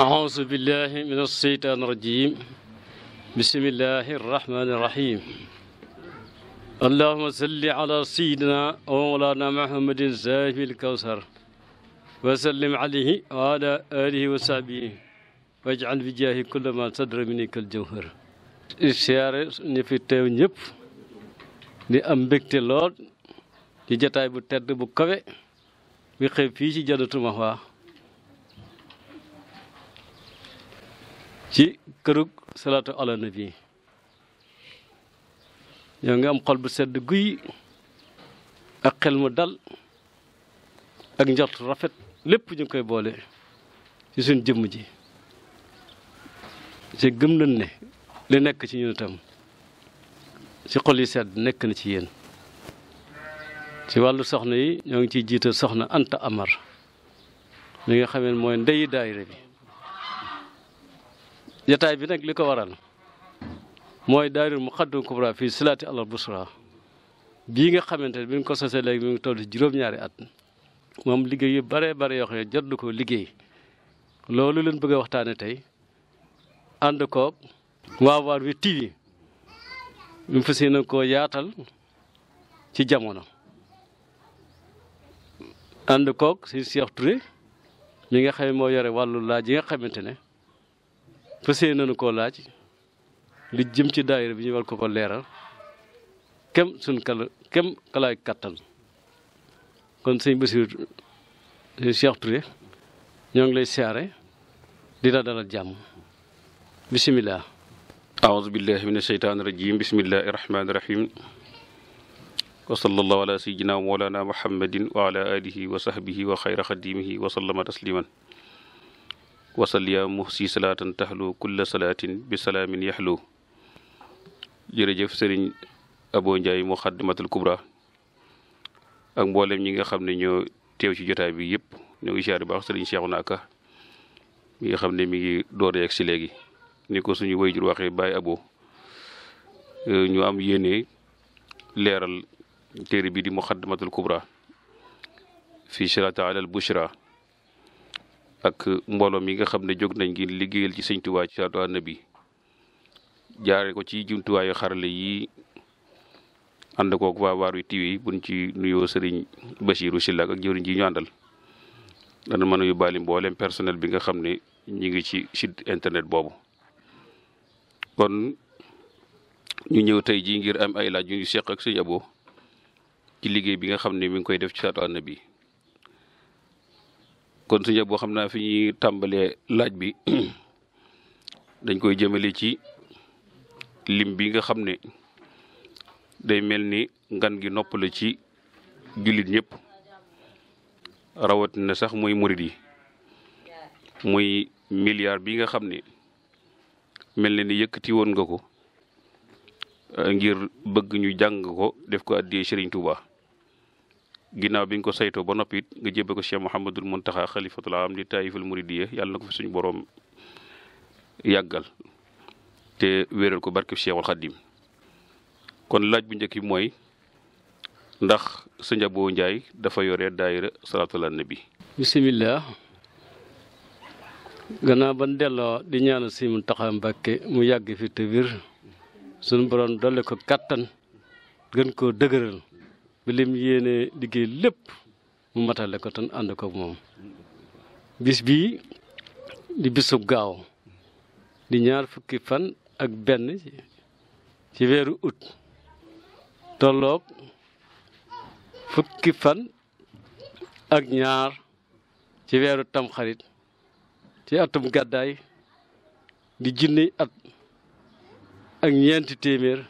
أعوذ بالله من الشيطان الرجيم بسم الله الرحمن الرحيم اللهم صل على سيدنا ومولانا محمد صاحب الكوثر وسلم عليه وعلى آله وصحبه واجعل بجاه كل ما صدر منك الجوهر siyaare ñi fi teew ñëpp di am mbégte lool di jataay bu tedd bu kawe bi xëy fii ci Jannatul Mahwa ci kërug salaatu ala nabi yow ngi am xol bu sedd guy ak xel mu dal ak njort rafet lépp ñu koy boole ci suñ jëmm ji ci gëm nañ ne li nekk ci ñun itam ci xol yi sedd nekk na ci yéen ci wàllu soxna yi ñoo ngi ciy jiital soxna Anta Amar mi nga xamee mooy ndeyi daayira bi jataay bi nag li ko waral mooy daayira Muxaddamatul Kubra fii silaati alal busra bii nga xamante ne bi ñu ko sosee léegi mi ngi toll ci juróom-ñaari at moom liggéey yu bare bare yoo jot na ko liggéey loolu leen bëgg waxtaane tey ànd ko waa Waar wi TV ñu fas yéene koo yaatal ci jamono ànd koog si Cheikh Touré mi nga xam ne moo yore wàllu laaj yi nga xamante ne fësee nañu koo laaj li jëm ci daayira bi ñu war ko ko leeral kem suñ kala kem kalaay kattan kon sëñ Bassirou Cheikh Touré ñoo ngi lay siyaare di la dalal jàmm bisimilah aoudu billahi min asheytaani rajim bismillahi rahmaani rahim wa sallallahu ala sayyidina wa mawlana muhammadin wa ala alihi wa sahbihi wa xayra xadimihi wa sallama tasliman wasal yaa muhsi salaatan taxlu kulla salaatin bi salaamin yaxlu jërëjëf sëriñ Abo Ndiaye mu matal kubra ak mboolem ñi nga xam ne ñoo teew ci jotaay bi yëpp ñoo ngi siyaar baax sëriñ Seexuna Ka mi nga xam ne mi ngi door yegg si léegi ni ko suñu wayjur waxee Baye Abo euh, ñu am yéene leeral téere bi di muqaddamatul kubra fi sirata alal bushra ak mbooloo mi nga xam ne jóg nañ ngir liggéeyal ci sëñ Tuubaa ci salaatu ala nabi jaare ko ci jumtuwaayu xarale yi ànd kook waa waar wi tiwi buñ ci nuyoo sëriñ Bachirou Sylla ak jëwriñ ji ñu àndal dana mën a yóbbaale mboolem personnel bi nga xam ne ñu ngi ci site internet boobu kon ñu ñëw tey jii ngir am ay laaj yu ñu seq ak sëñ Abo ci liggéey bi nga xam ne mi ngi koy def ci salaatu ala kon suñu boo xam naa fi ñuy tàmbalee laaj bi dañ koy jëmale ci lim bi nga xam ne day mel ni ngan gi noppale ci jullit ñëpp rawatina sax mooy murit yi muy milliard bi nga xam ne mel na ni yëkkati woon nga ko ngir bëgg ñu jàng ko def ko àddee Serigne Touba. ginnaaw bi nga ko saytoo ba noppit nga jébbal ko Cheikh Mouhamadul Muntaxa xalifatul am di taayiful muridiyya yàlla na ko fi suñu boroom yàggal te wéeral ko barkeb Cheikhul Xaddim kon laaj bu njëkk bi mooy ndax sëñ Abo njaay dafa yore daayira salaatul annabi. bisimilah. gannaaw ban delloo di ñaanal si mu taxa Mbàkke mu yàgg fi te wér suñu borom dolli ko kattan gën koo dëgëral. bi lim liggéey lépp mu matale ko tan ànd ko moom bis bii di bisub gaaw di ñaar fukki fan ak benn ci weeru ut tolloog fukki fan ak ñaar ci weeru tamxarit ci atum gàddaay di junni at ak ñeenti téeméer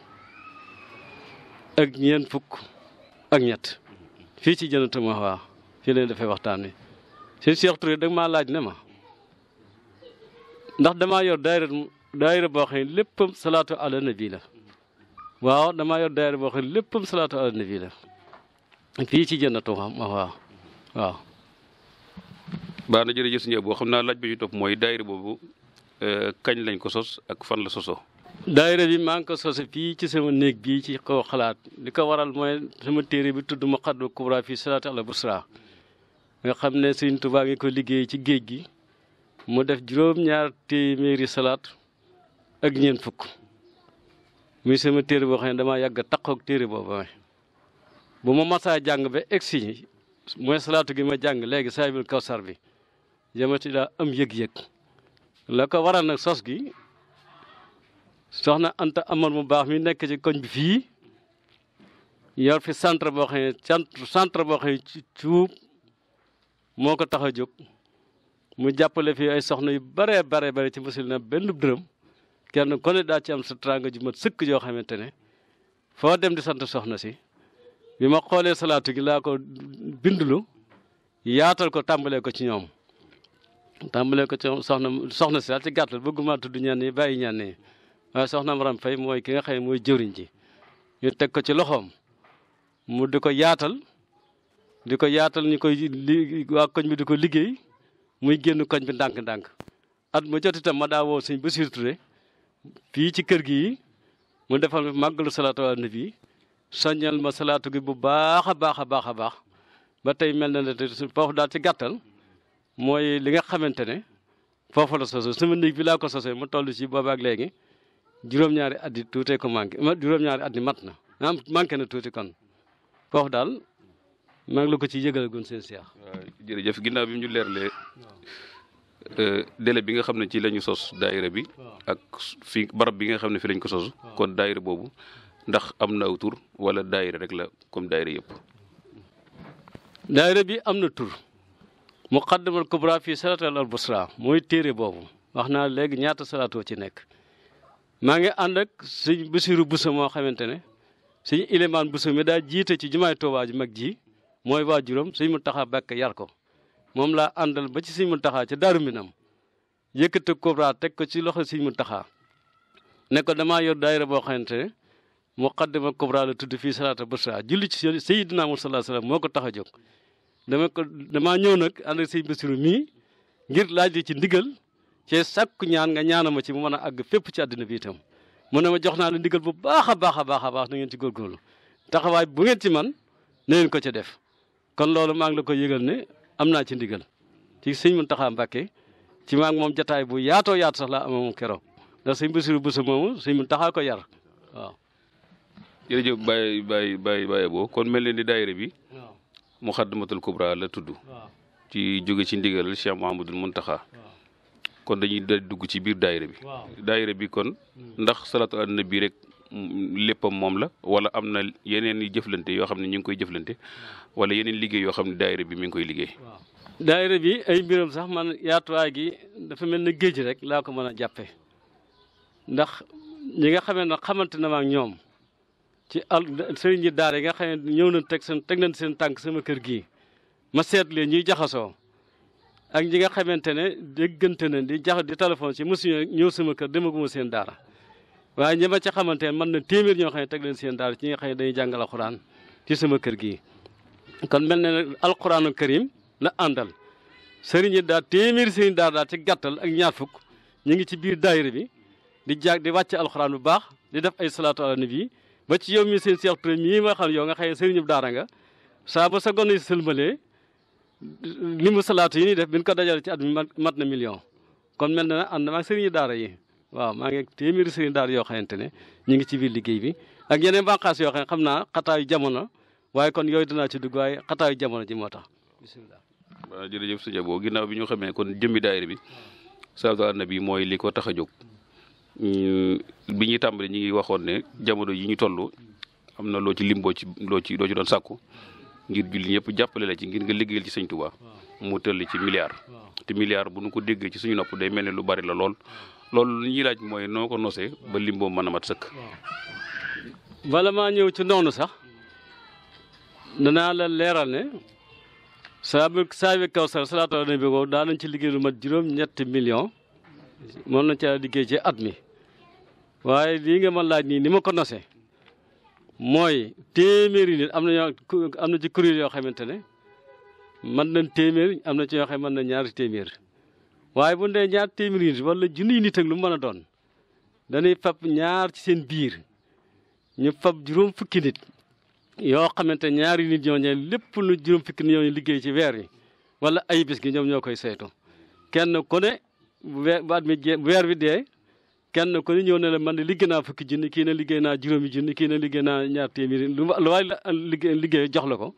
ak ñeent fukk ak ñett fii ci Jannatul Mahwa fii lañ dafay waxtaan wi sëñ Cheikh Touré dag maa laaj ne ma ndax damaa yor daayira boo xam ne léppam salaatu ala nabi la waaw damaa yor daayira boo xam ne léppam salaatu ala la fii ci Jannatul Mahwa waaw. baax na jërëjëf sëñ boo xam na laaj bi ñu topp mooy daayira boobu eh, kañ lañ ko sos ak fan la soso daayira bi maa ngi ko sose fii ci sama néeg bii ci kaw xalaat li ko waral mooy sama téere bi tudd Muqaddima Kubra fii la ala busra nga xam ne Sëriñ Tuubaa ngi ko liggéey ci géej gi mu def juróom-ñaar téeméeri salaat ak ñeent fukk muy sama téere boo xam ne dama yàgg a taqoog téere boobu bu ma masaa jàng ba egsi mooy salaatu gi ma jàng léegi kaw sar bi yamati daa am yëg-yëg la ko waral nag sos gi soxna Anta Amar mu baax mi nekk ci koñ bi fii yor fi centre boo xam ne boo xam ci cuub moo ko tax a jóg mu jàppale fi ay soxna yu bare bare bare ci musul na benn dërëm kenn ku ne daa ci am sa tranga sëkk yoo xamante ne foo dem di sant soxna si bi ma xoolee salaatu gi laa ko bindulu yaatal ko tàmbalee ko ci ñoom tàmbalee ko ci soxna soxna si daal ci gàttal bëgguma tudd ñenn yi bàyyi ñenn yi soxna Maram Faye mooy ki nga xam mooy jëwriñ ji ñu teg ko ci loxoom mu di ko yaatal di ko yaatal ñu koy li waa koñ bi di ko liggéey muy génn koñ bi ndànk-ndànk at mu jot itam ma daa woo sëñ Bassirou Touré fii ci kër gi mu defal ma màggalu salaatu ala nabi soññal ma salaatu gi bu baax a baax a baax a baax ba tey mel na ne te foofu daal ci gàttal mooy li nga xamante ne foofu la sosoo sama néeg bi laa ko sosee mu toll ci boobaak léegi juróom-ñaari at yi ko manqué juróom-ñaari at yi mat na maanaam manqué na tuuti kon foofu daal maa ngi la ko ci yëgal gun seen seex. waaw jërëjëf ginnaaw bi ñu leer leerlee euh, délai bi nga xam ne ci la ñu sos daayira bi. ak barab bi nga xam ne fi lañ ko sos. kon daayira boobu ndax am na aw tur wala daayira rek la comme daayira yëpp. daayira bi am na tur muqaddamal kubra fii salatal al busra mooy téere boobu wax naa léegi ñaata salaatoo ci nekk. maa ngi ànd ak sëñ Basiru Buso moo xamante ne sëñ Ilimaan Buso mi daa jiite ci jumaay Tuubaa ju mag ji mooy waajuram sëñ Muntaxa Mbàkke yar ko moom laa àndal ba ci mu Muntaxa ca Daaru Minam yëkkate Kubra teg ko ci loxo sëñ Muntaxa ne ko damaa yor daayira boo xamante ne Muqaddima Kubra la tudd fii salaata bësaa julli ci Seydina Muhammad sallallahu alayhi moo ko tax a jóg dama ko damaa ñëw nag ànd ak sëñ mii ngir laaj ci ndigal ci sakku ñaan nga ñaanama ci mu mën a àgg fépp ci àddina bi itam mu ne ma jox naa la ndigal bu baax a baax a baax a baax na ngeen ci góorgóorlu taxawaay bu ngeen ci man na ko ci def kon loolu maa ngi la ko yëgal ne am naa ci ndigal ci sëñ taxa Mbàkke ci maa moom jataay bu yaatoo yaatu la laa amoon keroog ndax sëñ Basiru Buso moomu sëñ Muntaxa ko yar waaw jërëjëf Baye Baye Baye Baye boo kon mel leen di daayira bi Muxaddamatul Kubra la tudd ci jóge ci ndigal Cheikh Mouhamadoul Muntaxa kon dañuy dugg ci biir daayira bi. daayira bi kon hmm. ndax salaatu ala nabi rek léppam moom la wala am na yeneen i jëflante yoo xam ne ñu ngi koy jëflante hmm. wala yeneen liggéey yoo xam ne daayira bi mu ngi koy liggéey. daayira bi ay mbiram sax man yaatuwaay gi dafa mel ne géej rek laa ko mën a jàppe ndax ñi nga xamee ne xamante na ma ñoom ci al sëriñ yi daara yi nga xam ñëw nañ teg seen teg nañ seen tànk sama kër gi ma seet leen ñuy jaxasoo. ak ñi nga xamante ne déggante na di jax di téléphone si mosu ñëw sama kër demaguma seen daara waaye ñi ma ca xamante ne mën na téeméer ñoo xam ne teg leen seen daara ci ñi xam ne dañuy jàngal alxuraan ci sama kër gii kon mel na ne alxuraanu karim la àndal sëriñ daal téeméeri sëriñ daara daal ci gàttal ak ñaar fukk ñu ngi ci biir daayira bi di jaag di wàcc alxuraan bu baax di def ay salaatu ala nabi ci yow mi seen seex premier mi daara nga saa sa gone sëlmalee li mu salaatu yi ñuy def biñ ko dajal ci at mi mat na million kon mel na ne ànd maag daara yi waaw maa ngi téeméeri sëriñu daara yoo xamante ne ñu ngi ci biir liggéey bi ak yeneen bànqaas yoo xam ne xam naa xataayu jamono waaye kon yooyu dinaa ci dugg waaye xataayu jamono ji moo tax bisimilah. waaw jërëjëf sëñ bi ñu xamee jëmmi daayira bi salaatu ala mooy li ko tax a jóg bi ñuy tàmbali ñu ngi waxoon ne jamono yi ñu toll am na loo ci lim boo ci loo ci loo ci doon sàkku ngir julli ñëpp jàppale la ci ngir nga liggéeyal ci sëñ Tuubaa mu tëll ci milliard te milliard bu nu ko déggee ci suñu nopp day mel ne lu bari la lool loolu li ñuy laaj mooy ko a mat sëkk. bala maa ñëw ci noonu sax danaa la leeral ne saa bi saa kaw sax salaatu ala waaye lii nga ma laaj nii ni ma ko nosee mooy téeméeri nit am na ñoo am na ci kuréel yoo xamante ne mën nañ téeméer am na ci yoo xam mën na ñaari téeméer waaye bu dee ñaar téeméeri nit wala junniy nit ak lu mën a doon dañuy fab ñaar ci seen biir ñu fab juróom fukki nit yoo xamante ñaari nit ñoo ñee lépp lu juróom fukki nit ñoo liggéey ci weer yi wala ay bis gi ñoom ñoo koy saytu kenn ku ne bu weer bi dee kenn ku ne ñëw ne man de liggéey naa fukki junni kii na liggéey naa juróomi junni kii na liggéey naa ñaar téeméeri lu lu waay liggéey liggéey jox la ko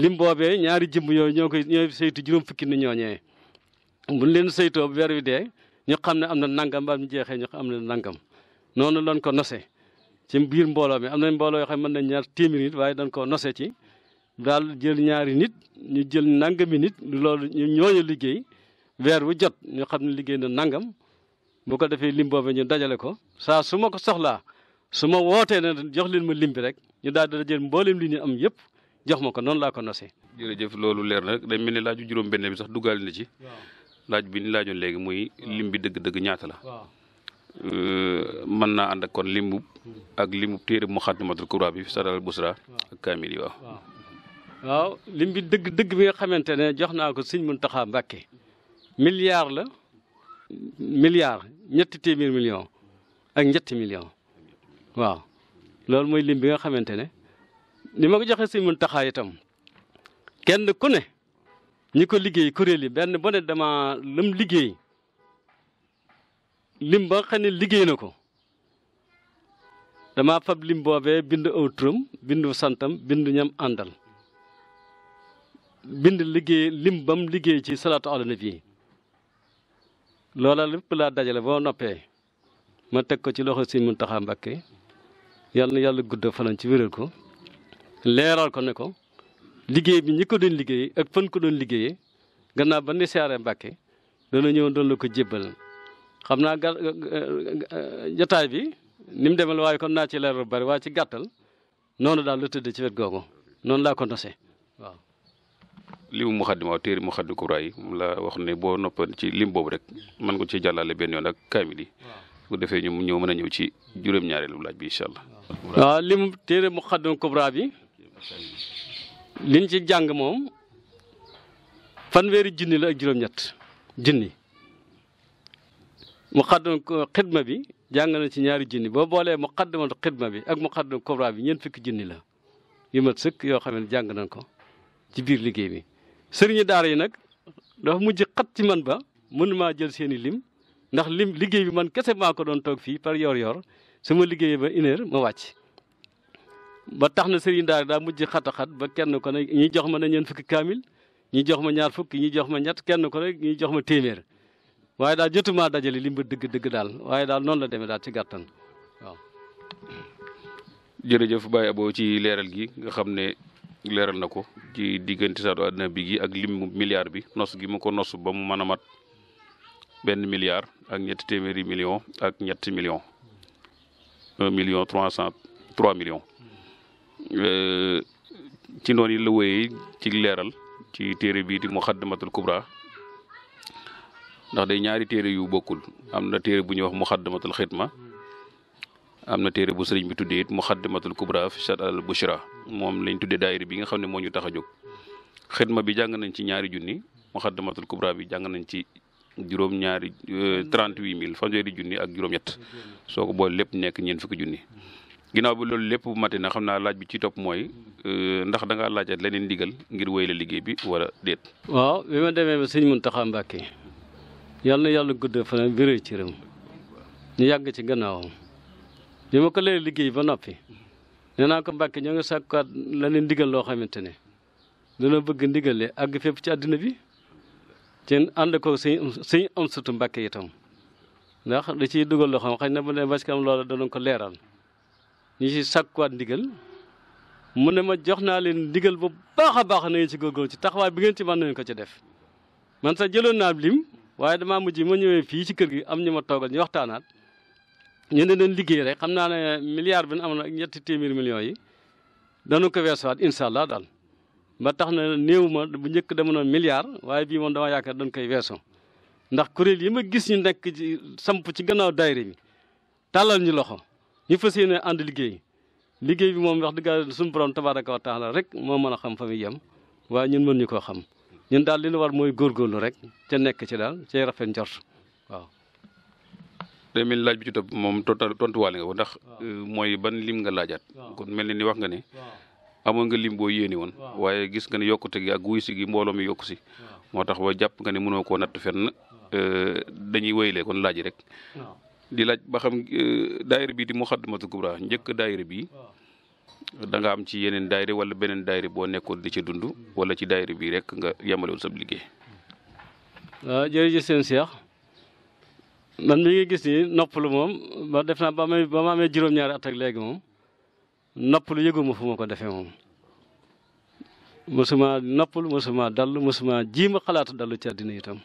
lim boobee ñaari jëmm yooyu ñoo koy seytu saytu juróom fukki ni ñoo ñëwee buñ leen seytoo weer wi dee ñu xam ne am na nangam ba mu jeexee ñu am na nangam noonu lañ ko nosee ci biir mbooloo mi am nañ mbooloo yoo xam ne mën nañ ñaar téeméeri nit waaye dañ ko nosee ci daal jël ñaari nit ñu jël nangami nit loolu ñooñu liggéey weer wu jot ñu xam ne liggéey na nangam bu ko defee lim boobu ñu dajale ko saa su ma ko soxlaa su ma wootee ne jox leen ma lim rek ñu daal di jël mboolem li ñu am yëpp jox ma ko noonu laa ko nosee. jërëjëf loolu leer na mel ni laaju juróom bi sax duggaale na ci. laaj bi ni laajoon léegi muy lim bi dëgg-dëgg ñaata la. mën naa ànd ak kon limub ak limub téere mu xaatimatul kuraa bi saral busra ak kaamil yi waaw. waaw lim bi dëgg dëgg bi nga xamante ne jox naa ko sëñ taxa Mbàkke milliard la. milliards ñetti téeméer millions ak ñetti millions waaw loolu mooy lim bi nga xamante ne ni ma ko joxe si mun taxaay itam kenn ku ne ñi ko liggéey kuréel yi benn bu ne dama lam liggéey lim ba xam liggéey na ko dama fab lim boobee bind aw turam bindu santam bindu ñam àndal bind liggéey lim bam liggéey ci salaatu ala nabi loola lépp laa dajale boo noppee ma teg ko ci loxo Sëriñ Muntaxa Mbàkke yàlla na yàlla gudd fanaan ci wéral ko leeral ko ne ko liggéey bi ñi ko doon liggéey ak fan ko doon liggéeyee gannaaw ba ni siyaare Mbàkke dana ñëw doon la ko jébbal xam naa ga jataay bi ni mu demel waaye kon naa ci leeral bari waaye ci gàttal noonu daal la tëdd ci wet googu noonu laa ko nose waaw limu muxaddima téere muxaddi kubra yi moom la wax ne boo noppa ci lim boobu rek mën ko ci jàllale benn yoon ak kaamil yi bu defee ñu ñëw mën a ñëw ci juróom-ñaareelu laaj bi incha allah. waaw limu téere muxaddima kubra bi liñ ci jàng moom fanweeri junni la ak juróom-ñett junni muxaddima xidma bi jàng na ci ñaari junni boo boolee muxaddima xidma bi ak muxaddima kubra bi ñeent fukki junni la yu mat sëkk yoo xam ne jàng nañ ko ci biir liggéey bi sëriñu daar yi nag dafa mujj xat ci man ba mënu maa jël seeni lim ndax lim liggéey bi man kese maa ko doon toog fii par yor-yor su ma liggéeyee ba une heure ma wàcc. ba tax na sëriñu daara daa mujj xat xat ba kenn ko ne ñi jox ma na ñeen fukki kaamil ñi jox ma ñaar fukki ñi jox ma ñett kenn ko ne ñi jox ma téeméer waaye daal jotumaa dajale lim ba dëgg dëgg daal waaye daal noonu la demee daal ci gàttan waaw. jërëjëf Baye Abo ci leeral gi nga xam ne leeral na ko ci diggante saatu àddina bi gi ak lim milliard bi nos gi mu ko nos ba mu mën a mat benn milliard ak ñett téeméeri million ak ñetti million un million trois cent trois millions euh, ci noonu la woye ci leeral ci téere bii di mu Muxaddamatul Kubra ndax day ñaari téere yu bokkul am na téere bu ñuy wax Muxaddamatul Xidma am na téere bu sëriñ bi tuddee it muxaddimatul kubra fi shat al moom lañ tuddee daayira bi nga xam ne moo ñu tax a jóg xidma bi jàng nañ ci ñaari junni xadd muxaddimatul kubra bi jàng nañ ci juróom ñaari euh, trente huit mille fanweeri junni ak juróom-ñett soo ko boole lépp nekk ñeent fukki junni ginnaaw bi loolu lépp bu na xam naa laaj bi ci topp mooy euh, ndax da ngaa laajat leneen ndigal ngir wéy la liggéey bi wala déet. waaw bi ma demee ba sëñ Muntaxa Mbàkke yal na yàlla gudd fan wéral cëram ñu yàgg ci gannaawam bi ma ko lee liggéey ba noppi nee naa ko Mbàkke ñoo ngi sàkkuwaat la leen ndigal loo xamante ne dana bëgg ndigale àgg fépp ci àddina bi te ànd ko sëñ sëñ am sutu Mbàkke itam ndax da ciy dugal loo xam xëy na bu ne ba ci kanam loola danañ ko leeral ñu ci sàkkuwaat ndigal mu ne ma jox naa leen ndigal bu baax a baax na ngeen ci góorgóorlu ci taxawaay bi ngeen ci mën nañu ko ci def man sa jëloon naa lim waaye damaa mujj ma ñëwee fii ci kër gi am ñu ma toogal ñu waxtaanaat ñu ne leen liggéey rek xam naa ne milliard bi nu amoon ak ñetti téeméeri millions yi danu ko weesuwaat incha allah daal ma tax na néew ma bu njëkk dama noon milliard waaye bii moom dama yaakaar dañ koy weesoo ndax kuréel yi ma gis ñu nekk ci samp ci gannaaw daayira bi tàllal ñu loxo ñu fas yéene ànd liggéey liggéey bi moom wax dëgg yàlla suñu borom tabaaraka ko taala rek moo mën a xam fa muy yem waaye ñun mën ñu koo xam ñun daal li ñu war mooy góorlu rek ca nekk ci daal cay rafet njort waaw day mel laaj bi ci topp moom tontuwaale nga ko ndax euh, mooy ban lim nga laajaat kon mel ni ni wax nga ne amoon nga lim boo yéene woon waaye gis nga ne yokkute gi ak wuy si gi mbooloo mi yokku si moo tax ba jàpp nga ne mënoo koo natt fenn euh, dañuy wéyle kon laaj rek di laaj ba xam euh, daayira bi di Muxaddamatul Kubra njëkk daayira bi da nga am ci yeneen daayira wala beneen daayira boo nekkoon di ci dund hmm. wala ci daayira bi rek nga yemalewul sab liggéey man mi ngi gis nii lu moom ba def naa ba ma amee juróom-ñaari at ak léegi moom noppalu yëguma fu ma ko defee moom mosuma noppalu mosuma dallu mosuma ma xalaatu dallu ci àddina itam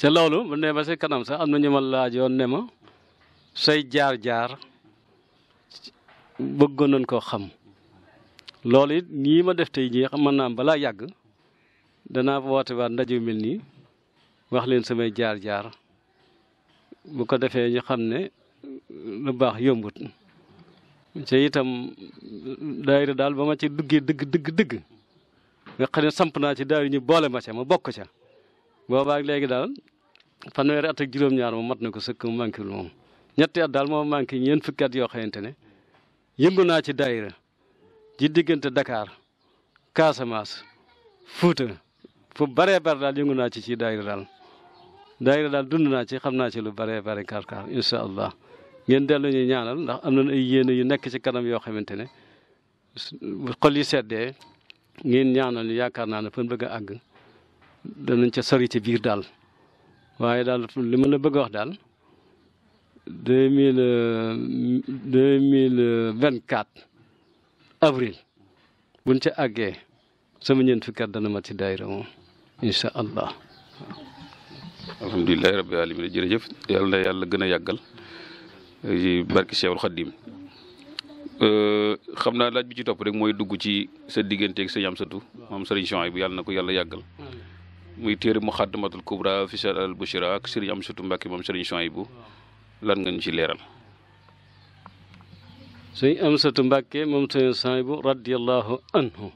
ca loolu bu ne ba si kanam sax am na ñu ma laajoon ne ma say jaar-jaar bëggoon nañ koo xam loolu it ñii ma def tey jii xam mën naa balaa yàgg danaa woote waat ndaje mel nii wax leen samay jaar-jaar bu ko defee ñu xam ne lu baax yombut ci itam daayira daal ba ma ci duggee dëgg dëgg dëgg nga xam ne samp naa ci daayira ñu boole ma ca ma bokk ca boobaak léegi daal fanweeri at ak juróom-ñaar moom mat na ko sëkk mu manqué moom ñetti at daal moom manqué ñeent fukki at yoo xamante ne yëngu naa ci daayira ji diggante dakaar Casamance Fuuta fu baree bare daal yëngu naa ci ci daayira daal daayira daal dund naa ci xam naa ci lu bare bare kaar-kaar incha allah ngeen dellu ñu ñaanal ndax am nañ ay yéene yu nekk ci kanam yoo xamante ne xol yi seddee ngeen ñaanal yaakaar naa ne fan bëgg a àgg ca sori ci biir daal waaye daal li ma la bëgg wax daal deux mille deux mille vingt quatre avril buñ ca àggee sama ñeent fukki dana ma ci daayira moom allah a rabbil alamin jërëjëf yàlla na yàlla gën a yàggal barki Cheikhul Khadim euh, xam naa laaj bi ci topp rek mooy dugg ci sa digganteeg sa yam satu moom sëriñ Chouaïb bu yàlla na ko yàlla yàggal mu xaddamatul kubra fi al bushra ak sëriñ am satu Mbàkke moom sëriñ bu lan nga ñu ci leeral sëriñ am Mbàkke moom sëriñ Chouaïb bu radiyallahu anhu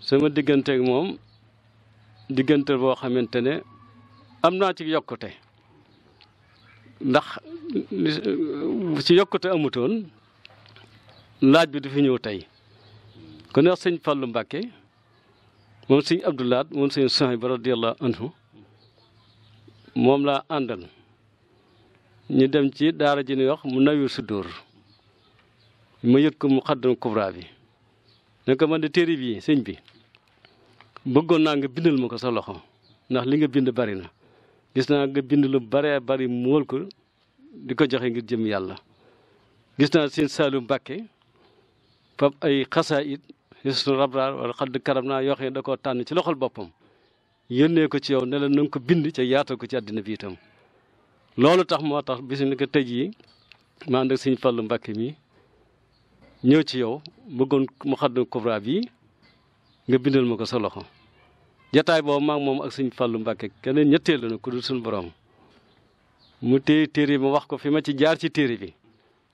sama digganteeg moom diggante boo xamante ne am naa ci yokkute ndax ci yokkute amutoon laaj bi du fi ñëw tey ku neex sëñ Fallou Mbacke moom sëñ Abdoulaat moom sëñ Sohay ba radiyallahu anhu moom laa àndal ñu dem ci daara ji ñuy wax mu nayu su dóor ma yët ko mu xaddam kubra bi ne man de téere bi sëñ bi bëggoon naa nga bindal ma ko sa loxo ndax li nga bind bari na gis naa nga bind lu baree bari mool ko di ko joxe ngir jëm yàlla gis naa seen saalu mbàkke fab ay xasaa it xisnu rabraar wala xadd karam naa yoo da ko tànn ci loxol boppam yónnee ko ci yow ne na ko bind ca yaatal ko ci àddina bi itam loolu tax moo tax bis ni ko tëj yi ma ànd ak sëñ Fallu Mbàkke mi ñëw ci yow bëggoon mu xadd kubra bi nga bindal ma ko sa loxo jataay boobu maag moom ak suñ fàllu mbàkke keneen ñetteelu na ku dul suñ borom mu téye téere ma wax ko fi ma ci jaar ci téere bi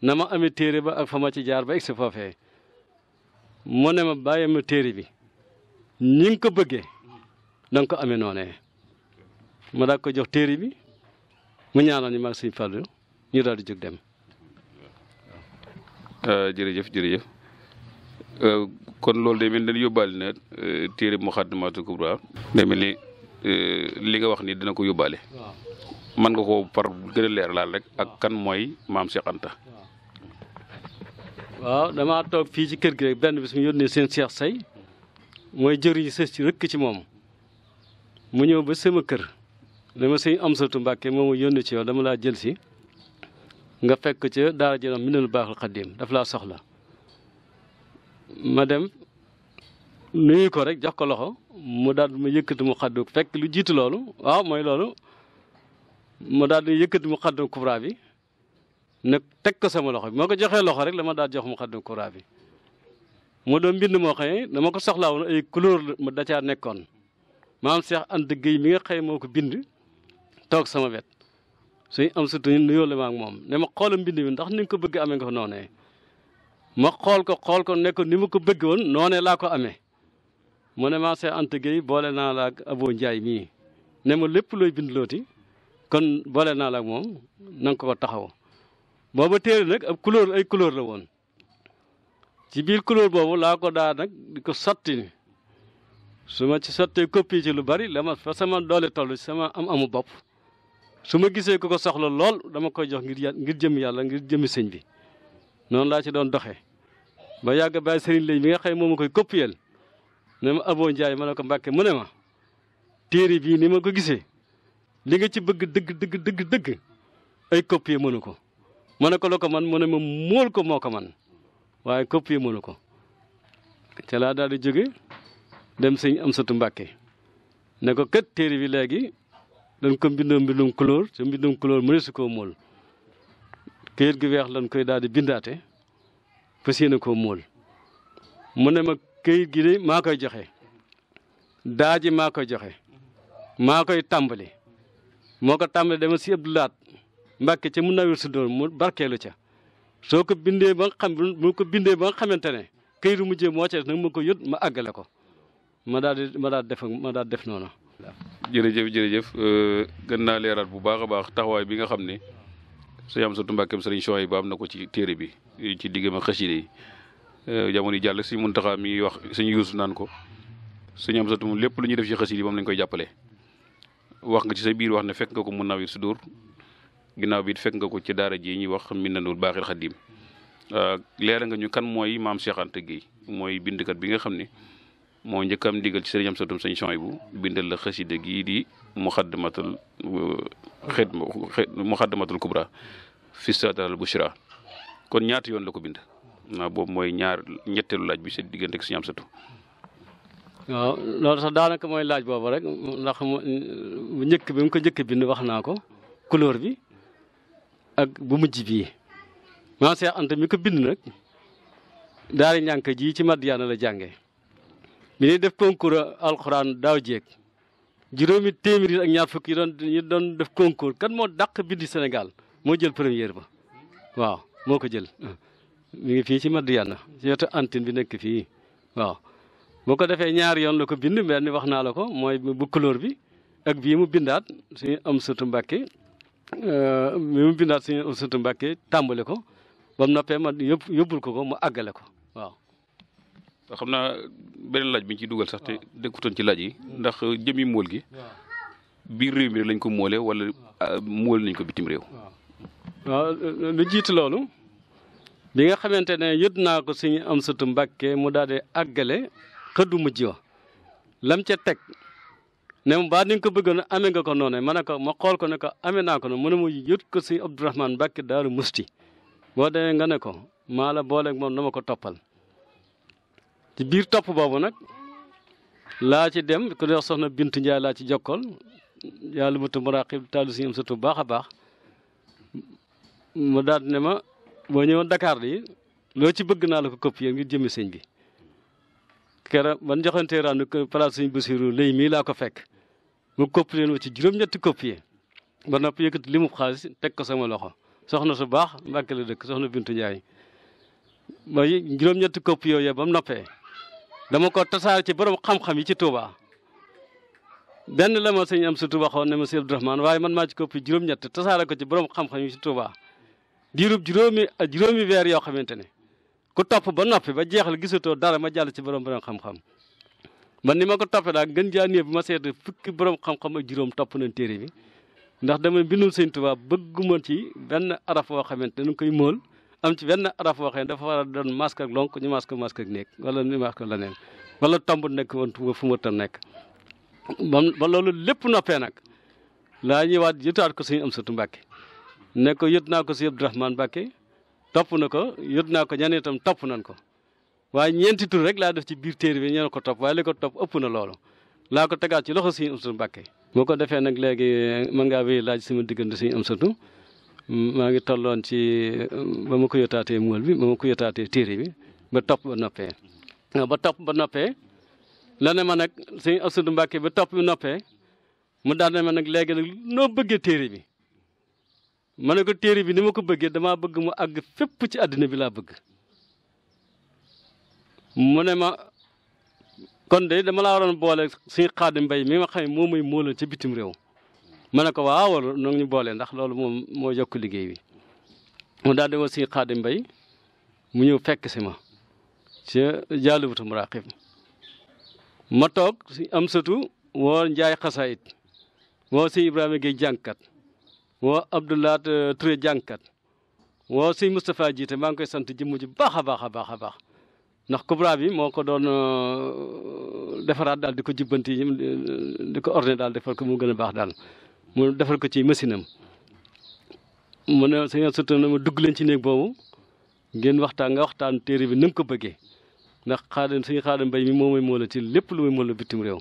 na ma amee téere ba ak fa ma ci jaar ba egsi foofee mu ne ma bàyyi ma téere bi ñi ko bëggee na ko amee noonee ma daal ko jox téere bi mu ñaanal ñu maag suñ fàllu ñu daal di jóg dem euh, jërëjëf jërëjëf euh, kon loolu day mel ni yóbbaale na euh, téere Muxaddamaatul Kubra day mel ni euh, li nga wax ni dina ko yóbbaale. man nga ko par gën a leer laal rek ak kan mooy maam Cheikh Anta. waaw damaa toog fii ci kër gi rek benn bis mu yónnee seen Cheikh Say mooy jëriñ sës ci rëkk ci moom mu ñëw ba sama kër dama sëñ Amsatu Mbàkke moom yónnee ci yow dama laa jël si nga fekk ca daara jëlam Minanul Baaxil Xaddiim daf laa soxla. ma dem nuyu ko rek jox ko loxo mu daal ma yëkkati mu xadd fekk lu jiitu loolu waaw mooy loolu mu daal di yëkkati mu xaddu kubra bi ne teg ko sama loxo bi moo ko joxee loxo rek dama ma daal jox mu xaddu kubra bi mu doon mbind moo xëy dama ko soxlaa woon ay couleur mu dacaa nekkoon maam Cheikh Anta Gueye mi nga xëy moo ko bind toog sama wet suñu am surtout nuyoo la ma moom ne ma xoola mbind bi ndax ni nga ko bëgg amee nga fa noonee ma xool ko xool ko ne ni ma ko bëgg woon noonee laa ko amee mu ne maa see Anta Gueye boole naa la ak Abo njaay mii ne ma lépp looy bind looti kon boole naa la ak moom na nga ko taxaw booba téere nag ab couleur ay couleur la woon ci biir couleur boobu laa ko daa nag di ko sotti su ma ci sottee copie ci lu bari la ma fa sama doole toll sama am amu bopp su ma gisee ku ko soxla lool dama koy jox ngir ngir jëm yàlla ngir jëmi sëñ bi noonu laa ci doon doxee ba yàgg bàyyi sëriñ lañ bi nga xam ne moom koy koppiyal ne ma aboo njaay ma ne ko mbàkke mu ne ma téere bii ni ma ko gisee li nga ci bëgg dëgg dëgg dëgg dëgg ay copier mënu ko ma ne ko la ko man mu ne ma mool ko moo ko man waaye copier mënu ko ca laa daal di jóge dem sëñ am satu mbàkke ne ko kat téere bi léegi dañ ko mbindoo mbindum couleur te mbindum couleur mëneesu koo mool këyit gu weex lañ koy daal di bindaate fas yéene koo mool mu ne ma këyit gi de maa koy joxe daa ji maa koy joxe maa koy tàmbali moo ko tàmbali dama si Abdou Lahat Mbàkke ca mu nawir su doon mu barkeelu ca soo ko bindee ba nga xam mu ko bindee ba nga xamante ne këyitu mujjee moo ca nag ma ko yót ma àggale ko ma daal di daal def ma daal def noonu. jërëjëf jërëjëf euh, gën naa leeraat bu baax a baax taxawaay bi nga xam ne. sëñ Amsatu Mbàkke sëriñ Soy ba am na ko ci téere bi ci diggam ak xaside yi euh, jamono yi jàll sëñ Muntaxa mi ngi wax sëñ Yuusu naan ko sëñ Amsatu moom lépp lu ñuy def ci xaside yi moom lañ koy jàppale wax nga ci sa biir wax ne fekk nga ko mun naa wit sudur ginnaaw bi fekk nga ko ci daara ji ñuy wax na Minanul Baaxil Xadim euh, leera nga ñu kan mooy maam Cheikh Anta Gueye mooy bindkat bi nga xam ne moo njëkkam diggal ci sëriñam sotum sëñ son bu bindal la xasida gii di muxaddamatul euh, xed muxaddamatul kubra fi sadal bushra kon ñaati yoon la ko bind boobu mooy ñaar ñetteelu laaj bi sa diggante ak sëriñam daanaka mooy laaj boobu rek bu njëkk bi ko njëkk bind wax naa ko couleur bi ak bu mujj bi maa Seex Anta mi ko bind nag daari ñànk ji ci Madiyaana la jàngee bi ñuy def concours alxuraan daaw jéeg juróomi téeméeri ak ñaar fukk yi doon yi doon def concours kan moo dàq bindi Sénégal moo jël première ba waaw moo ko jël mu ngi fii ci Madiana ci wetu antine bi nekk fii waaw boo ko defee ñaari yoon la ko bind mel ni wax naa la ko mooy bu couleur bi ak bii mu bindaat suñu am sutu mbàkke euh, bi mu bindaat suñu am sutu mbàkke tàmbale ko ba mu noppee ma yóbbul ko ko mu àggale ko waaw xam naa beneen laaj bi ci dugal sax te dëkkutoon ah. ci laaj yi hmm. ndax jëmi mool gi biir réew mi lañ ko moolee walla ah, mool nañ ko bitim réew. waaw ah, lu loolu bi nga xamante ne yët naa ko suñu am sëtu Mbàkke mu daal di àggale xëddu mujj wa lam ca teg ne ba baa ni nga ko bëggoon amee nga ko noonu ma ne ko ma xool ko ne ko amee naa ko noonu ma ne mu yët ko si Abdourahmane Mbàkke Daaru Musti boo demee nga ne ko maa la booleeg moom na ma ko toppal. ci biir topp boobu nag laa ci dem ku dee soxna Bint Njaay laa ci jokkool yàlla mata maraqib taalu si ñoom surtout baax a baax mu daal ne ma boo ñëwoon Dakar yi loo ci bëgg naa la ko kopp yéen ngir jëmmi sëñ bi keroog man joxantee raanu place suñu Basiru lay mii laa ko fekk mu kopp leen ma ci juróom-ñetti kopp yi ba noppi yëkkati limu xaalis teg ko sama loxo soxna su baax Mbàkke la dëkk Bintu Njaay ba juróom-ñetti kopp yooyu noppee dama ko tasaare ci borom xam-xam yi ci Touba benn la ma sëñ am surtout waxoon ne ma sëñ Abdourahmane waaye man maa ci kopp juróom-ñett tasaare ko ci borom xam-xam yi ci Touba diirub juróomi juróomi weer yoo xamante ne ku topp ba noppi ba jeexal gisatoo dara ma jàll ci borom borom xam-xam man ni ma ko toppee daal gën jaa bu ma seet fukki borom xam-xam ak juróom topp nañ téere mi ndax dama bindul sëñ Touba bëgguma ci benn araf woo xamante ne dañ koy mool. am ci benn araf boo xam ne dafa war a doon masque ak lonk ñu masque masque ak néeg wala ñu masque la neen wala tomb nekk woon fu mu ta nekk ba loolu lépp noppee nag laa ñuy waat yëtaat ko suñu am satu Mbàkke nekko ko naa ko si Abdourahmane Mbàkke topp na ko yët naa ko ñan itam topp nañ ko waaye ñeenti tur rek laa def ci biir téere bi ñeen ko topp waaye li ko topp ëpp na loolo laa ko tegaat ci loxo suñu am satu Mbàkke boo ko defee nag léegi mën ngaa wéy laaj sama diggante suñu am satu maa ngi tolloon ci ba ma ko yotaatee mool bi ba ma ko yotaate téere bi ba topp ba noppee ba top ba noppee la ne ma nag suñu asudu mbàkke ba topp bi noppee mu daal ma nag léegi nag noo bëggee téere bi ma ne ko téere bi ni ma ko bëggee damaa bëgg mu àgg fépp ci àddina bi laa bëgg mu ne ma kon de dama la waroon boole suñu xaadim mbay mi nga xam ne moom mooy ci bitim réew ma ne ko waaw nu ñu boole ndax loolu moom moo yokk liggéey bi moo daal di woo si mbay mu ñëw fekk si ma ci jaalubutu muraqib ma toog si am satu woo njaay xasaayit woo si ibrahima géey jànkat woo abdoulaat eh, Touré jànkat woo si moustapha jiit maa ngi koy sant jëmm ji baax a baax a baax a baax ndax kubra bi moo ko doon eh, defaraat daal di ko yi jubbanti di ko ordonné daal defar ko mu gën a baax daal mu defal ko ci machine am mu ne sëñ na ma dugg leen ci néeg boobu ngeen waxtaan nga waxtaan téere bi na nga ko bëggee ndax xaadim suñu xaadim mbay mi moo may moo la ci lépp lu may moo bitim réew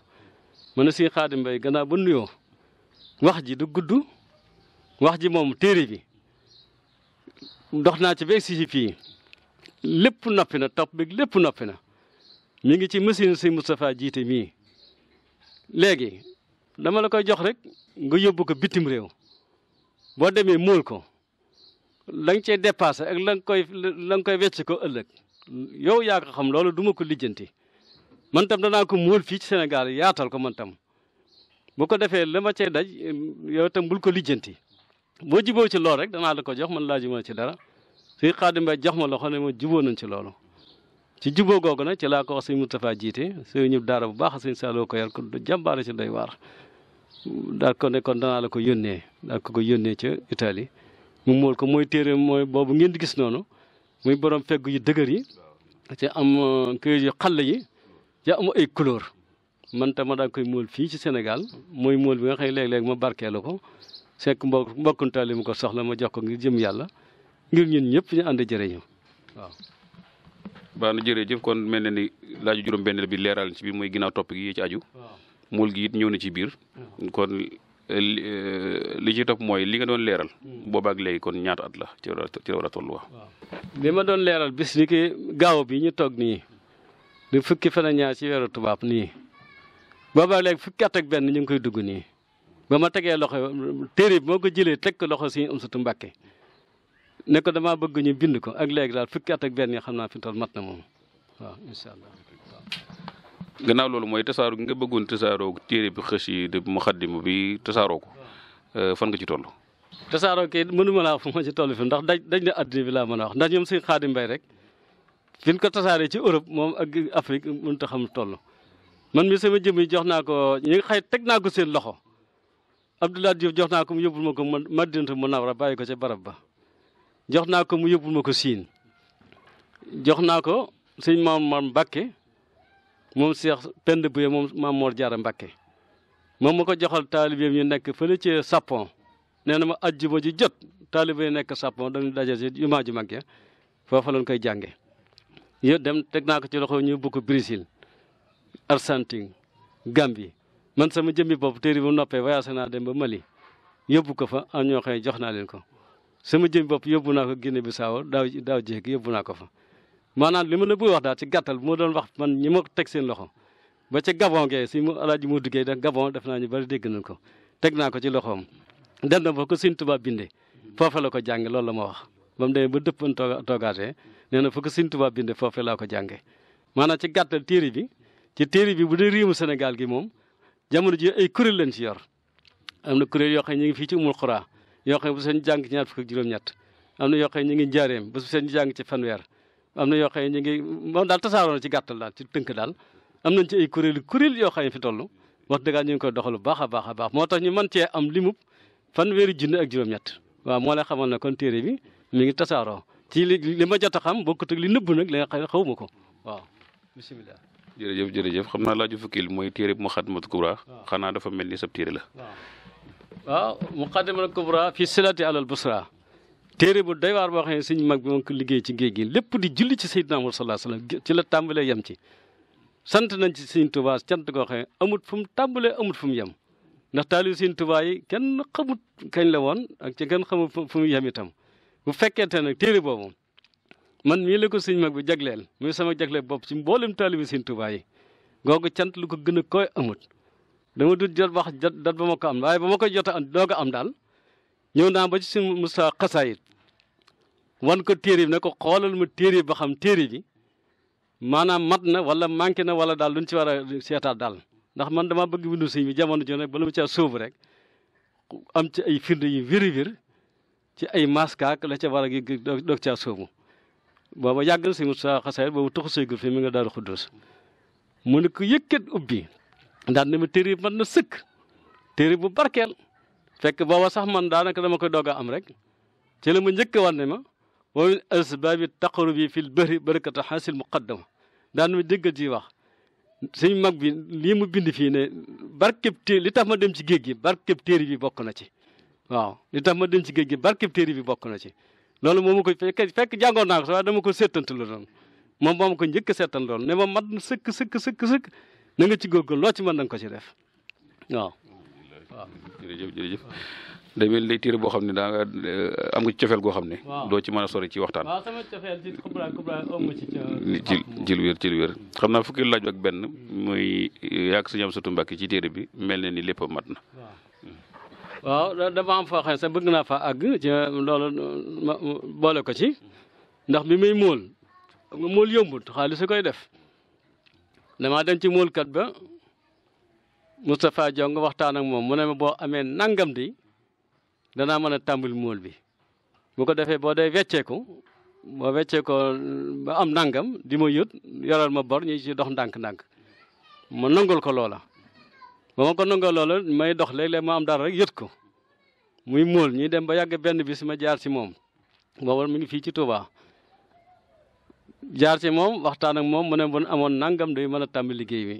mën ne suñu xaadim mbay gannaaw ba nuyoo wax ji du gudd wax ji moom téere bi ndox naa ci beeg si fii lépp noppi na topp bi lépp noppi na mu ngi ci masin si Moustapha jiite mii léegi dama la koy jox rek nga yóbbu ko bitim réew boo demee móol ko la nga cee dépassé ak la nga koy koy wecc ko ëllëg yow yaa ko xam loolu duma ko lijjanti man tam danaa ko móol fii ci Sénégal yaatal ko man tam bu ko defee la ma cee daj yow tam bul ko lijjanti boo juboo ci loolu rek danaa la ko jox man laajuma ci dara suy Xaadim Mbay jox ma loxo ne moo jiboo nañ ci loolu ci juboo googu na ci laa ko wax sëñ Moustapha jiite sëñ ñëpp daara bu baax sëñ Saaloo ko yar ko jàmbaare ci doy waar daal ko ne kon danaa la ko yónnee daal ko ko yónnee ca Italie mu mool ko mooy téere mooy boobu ngeen di gis noonu muy borom fegg yu dëgër yi ci am uh, këyit yu xàll yi ya am ay couleur man tam ma daan koy mool fii ci senegal mooy mool bi nga xam ne léeg-léeg ko sekk mbokk mbokkuntaali mu ko soxla ma jox ko jëm yàlla ngir ñun ñëpp ñu ànd jërëjëf waaw. baax na jërëjëf kon mel na ni laaju juróom-benn bi leeral ci mooy ginnaaw topp gi ci aju. muul gi it ñëw na ci biir kon eh, eh, li ci topp mooy li nga doon leeral hmm. boobaak léegi kon ñaata at la ci ci war li ma doon leeral bis ni ki gaaw bi ñu toog nii di fukki fan ñaar ci weeru tubaab nii boobaak léegi fukki at ak benn ñu ngi koy dugg nii ba ma tegee loxo téere bi moo ko jëlee teg loxo si Amsatu Mbàkke ne ko damaa bëgg ñu bind ko ak léegi daal fukki at ak benn yi xam naa fi mu mat na moom gannaaw loolu mooy tasaaro nga bëggoon tasaaroo téere bi ko euh, fan nga ci toll. tasaaroo kay mënuma laa fu ma ci toll fi ndax daj daj na adduna bi laa mën a wax ndax ñoom sëñ Xaadim Mbay rek fi ko tasaaree ci Europe moom ak Afrique mënut a xam toll. man mi sama jëm yi jox naa ko ñi xay teg naa ko seen loxo Abdoulaye Diouf jox naa ko mu yóbbul ma ko Madinatu Munawara bàyyi ko ca barab ba jox naa ko mu yóbbul ma ko siin jox naa ko sëñ maam maam Mbàkke moom Cheikh Penda Bouye moom Maam Mor Jaara Mbàkke moom ma ko joxal taalibeem ñu nekk fële Sapon nee na ma ajjuma ji jot taalibe yi nekk Sapon dañu daje si jumaa mag ya foofa lañ koy jànge yo dem teg naa ko ci loxo ñu bokk Brésil Argentine Gambie man sama jëmmi bopp téere bu noppee voyagé naa dem ba Mali yóbbu ko fa am ñoo xam leen ko sama jëmmi bopp yóbbu naa ko Guinée Bissau daaw daaw yóbbu naa ko fa maanaam li ma la bëgg wax daal ci gàttal moo doon wax man ñi ma teg seen loxo ba ca Gabon gee si mu alaaji mu duggee def Gabon def naa ñu bari dégg nañ ko teg naa ko ci loxoom dem na ba ko Sëñ Tuubaa bindee la ko jàng loolu la ma wax ba mu ba dëppan toogaatee nee na fa ko Sëñ Tuubaa bindee ko jàngee maanaam ci gàttal téere bi ci téere bi bu dee réewu senegal gi moom jamono ji ay kuréel lañ ci yor am na kurel yoo xam ne ñu ngi fii ci umul xuraa yoo xam ne bu seen jàng ci ñaar fukk ak am na yoo ñu ngi njaareem bu seen jàng ci fanweer am na yoo xam ne ñu ngi moom daal tasaaroo ci gàttal daal ci tënk daal am nañ ci ay kuréel kuréel yoo xam ne fi toll wax dëgg ñu ngi koy doxal bu a a baax moo tax ñu mën cee am limub fanweeri junne ak juróom-ñett waaw moo lay xamal ne kon téere bi mu ngi tasaaroo ci li li ma jot a xam bokkut ak li nëbb nag li nga xam ne xaw ma ko waaw bisimilah. jërëjëf jërëjëf xam naa laaju fukkil mooy téere bu Muqaddimatul Kubra xanaa dafa mel ni sab téere la. waaw Muqaddimatul Kubra fi silati alal busra téere bu doy waar boo xam ne suñ mag bi ma ko liggéey ci géej gi lépp di julli ci Seydina Muhammad sallallahu alayhi ci la tàmbalee yem ci sant nañ ci Sëriñ Tuubaa cant goo xam ne amut fu mu tàmbalee amut fu mu yem ndax taalibu Sëriñ Tuubaa yi kenn xamut kañ la woon ak ci kenn xamut fu mu yem itam bu fekkente nag téere boobu man mii la ko suñ mag bi jagleel muy sama jagleel bopp ci mboolem taalibu Sëriñ Tuubaa yi googu cant lu ko gën a koy amut dama dut jot wax jot waaye ba ma koy jot a doog a am daal ñëw naa ba ci si Moussa xasaayit wan ko téere bi ne ko xoolal ma téere ba xam téere bi maanaam mat na wala manqué na wala daal luñ ci war a seetaat daal ndax man dama bëgg bindu si bi jamono ji nag bala mu caa sóobu rek am ci ay firnde yu wéri ci ay maskaak la ca war a doog caa sóobu booba yàgg na si Moussa xasaayit boobu taxu saygul fi mi nga daaru xuddus mu ne ko yëkkat ubbi daan ne ma téere bi mat na sëkk téere bu barkeel fekk booba sax man daanaka dama koy doog am rek ci la ma njëkk a wan ne ma wa min asbaabi bari fil bahri barakata xaasil muqaddama daan ma déggal ci wax suñ mag bi lii mu bind fii ne barkeb téer li tax ma dem ci géej gi barkeb téeri bi bokk na ci waaw li ma dem ci gi barkeb téeri bi bokk na ci loolu moom ma ko fekk fekk jàngoon naa dama ko seetant la doon moom moom ko njëkk a seetan loon ne ma mat sëkk sëkk sëkk sëkk na nga ci góorgóorlu loo ci mën na ko ci def waaw mm, jërëjëf jërëjëf. day téere boo xam ne daa nga euh, am nga ci cofeel goo xam ne. doo ci mën a sori ci waxtaan. waaw sama cofeel ci kubra kubra am ci. ci ci xam naa fukki laaj ak benn. Mm. muy yàgg suñu am sëtu Mbàkke ci téere bi mel na ni lépp mat na. waaw mm. dama am foo xam ne sax bëgg naa fa àgg ci boole ko ci ndax bi muy mool mool yombut xaalis su koy def damaa dem ci moolkat ba. Moustapha Diong waxtaan ak moom mu ne ma boo amee nangam di danaa mën a tàmbali mool bi mu ko defee boo dee wecceeku boo wecceekoo ba am nangam di ma yut yoral ma bor ñu ci dox ndànk-ndànk ma nangul ko loola. ba ma ko nangoo loola may dox léeg-léeg ma am dara rek yët ko muy mool ñuy dem ba yàgg benn bi su ma jaar si moom booba mu ngi fii ci Touba. jaar si moom waxtaan ak moom mu ne bu amoon nangam day mën a tàmbali liggéey bi.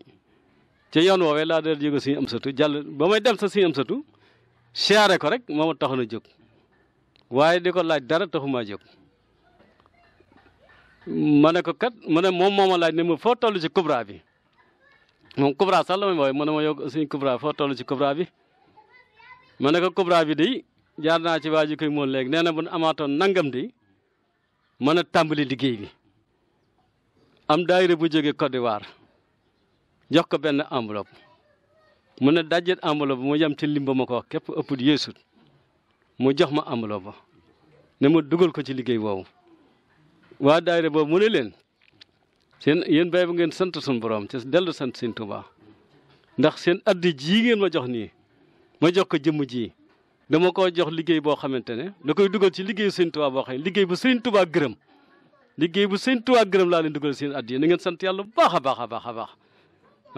ca yoon woowee laa dal jóge suñu am satu jal ba may dem sa suñu am ko rek moo ma taxoon a jóg waaye di ko laaj dara taxumaa jóg ma ne ko kat ma ne moom moo ma laaj ne ma foo toll ci kubra bi moom la may wooye ma ne ma toll ci kubra bi ne ko kubra bi day jaar naa ci waa ji koy moon léegi nee na bu amaatoon nangam di mën a tàmbali liggéey bi am daayira bu jógee Côte d'Ivoire jox ko benn enveloppe mu ne dajjet enveloppe mu yem ci lim ba ma ko wax képp ëpp yeesut mu jox ma enveloppe ba ne ma dugal ko ci liggéey boobu. waa daayira boobu mu ne leen seen yen bay bu ngeen sant sun borom ci dellu sant seen Tuubaa ndax seen addi jii ngeen ma jox nii ma jox ko jëmm jii dama ko jox liggéey boo xamante ne da koy dugal ci liggéeyu seen boo xam ne liggéey bu seen Tuubaa gërëm liggéey bu seen Tuubaa gërëm laa leen dugal seen addi na ngeen sant yàlla bu baax a baax a baax.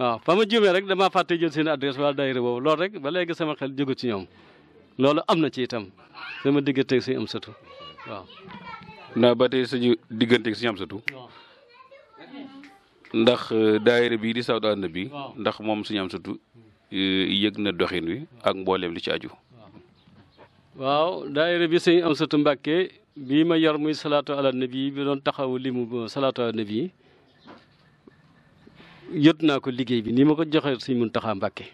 waaw fa ma juumee rek damaa fàtte jël seen adresse waa daayira boobu lool rek ba léegi sama xel jógu ci ñoom loolu am na ci itam sama digganteeg suñu am satu waaw. ndax ba tey suñu digganteeg suñu am satu. ndax euh, daayira bii di Sawda ànd bi ndax moom suñu am satu euh, yëg na doxin wi ak mbooleem lu ci aju. waaw daayira bi suñu am satu Mbàkke bii ma yor muy salaatu ala nabi bi doon taxawu limu salaatu ala nabi yot naa ko liggéey bi ni ma ko joxee Sëñ Muntaxa Mbàkke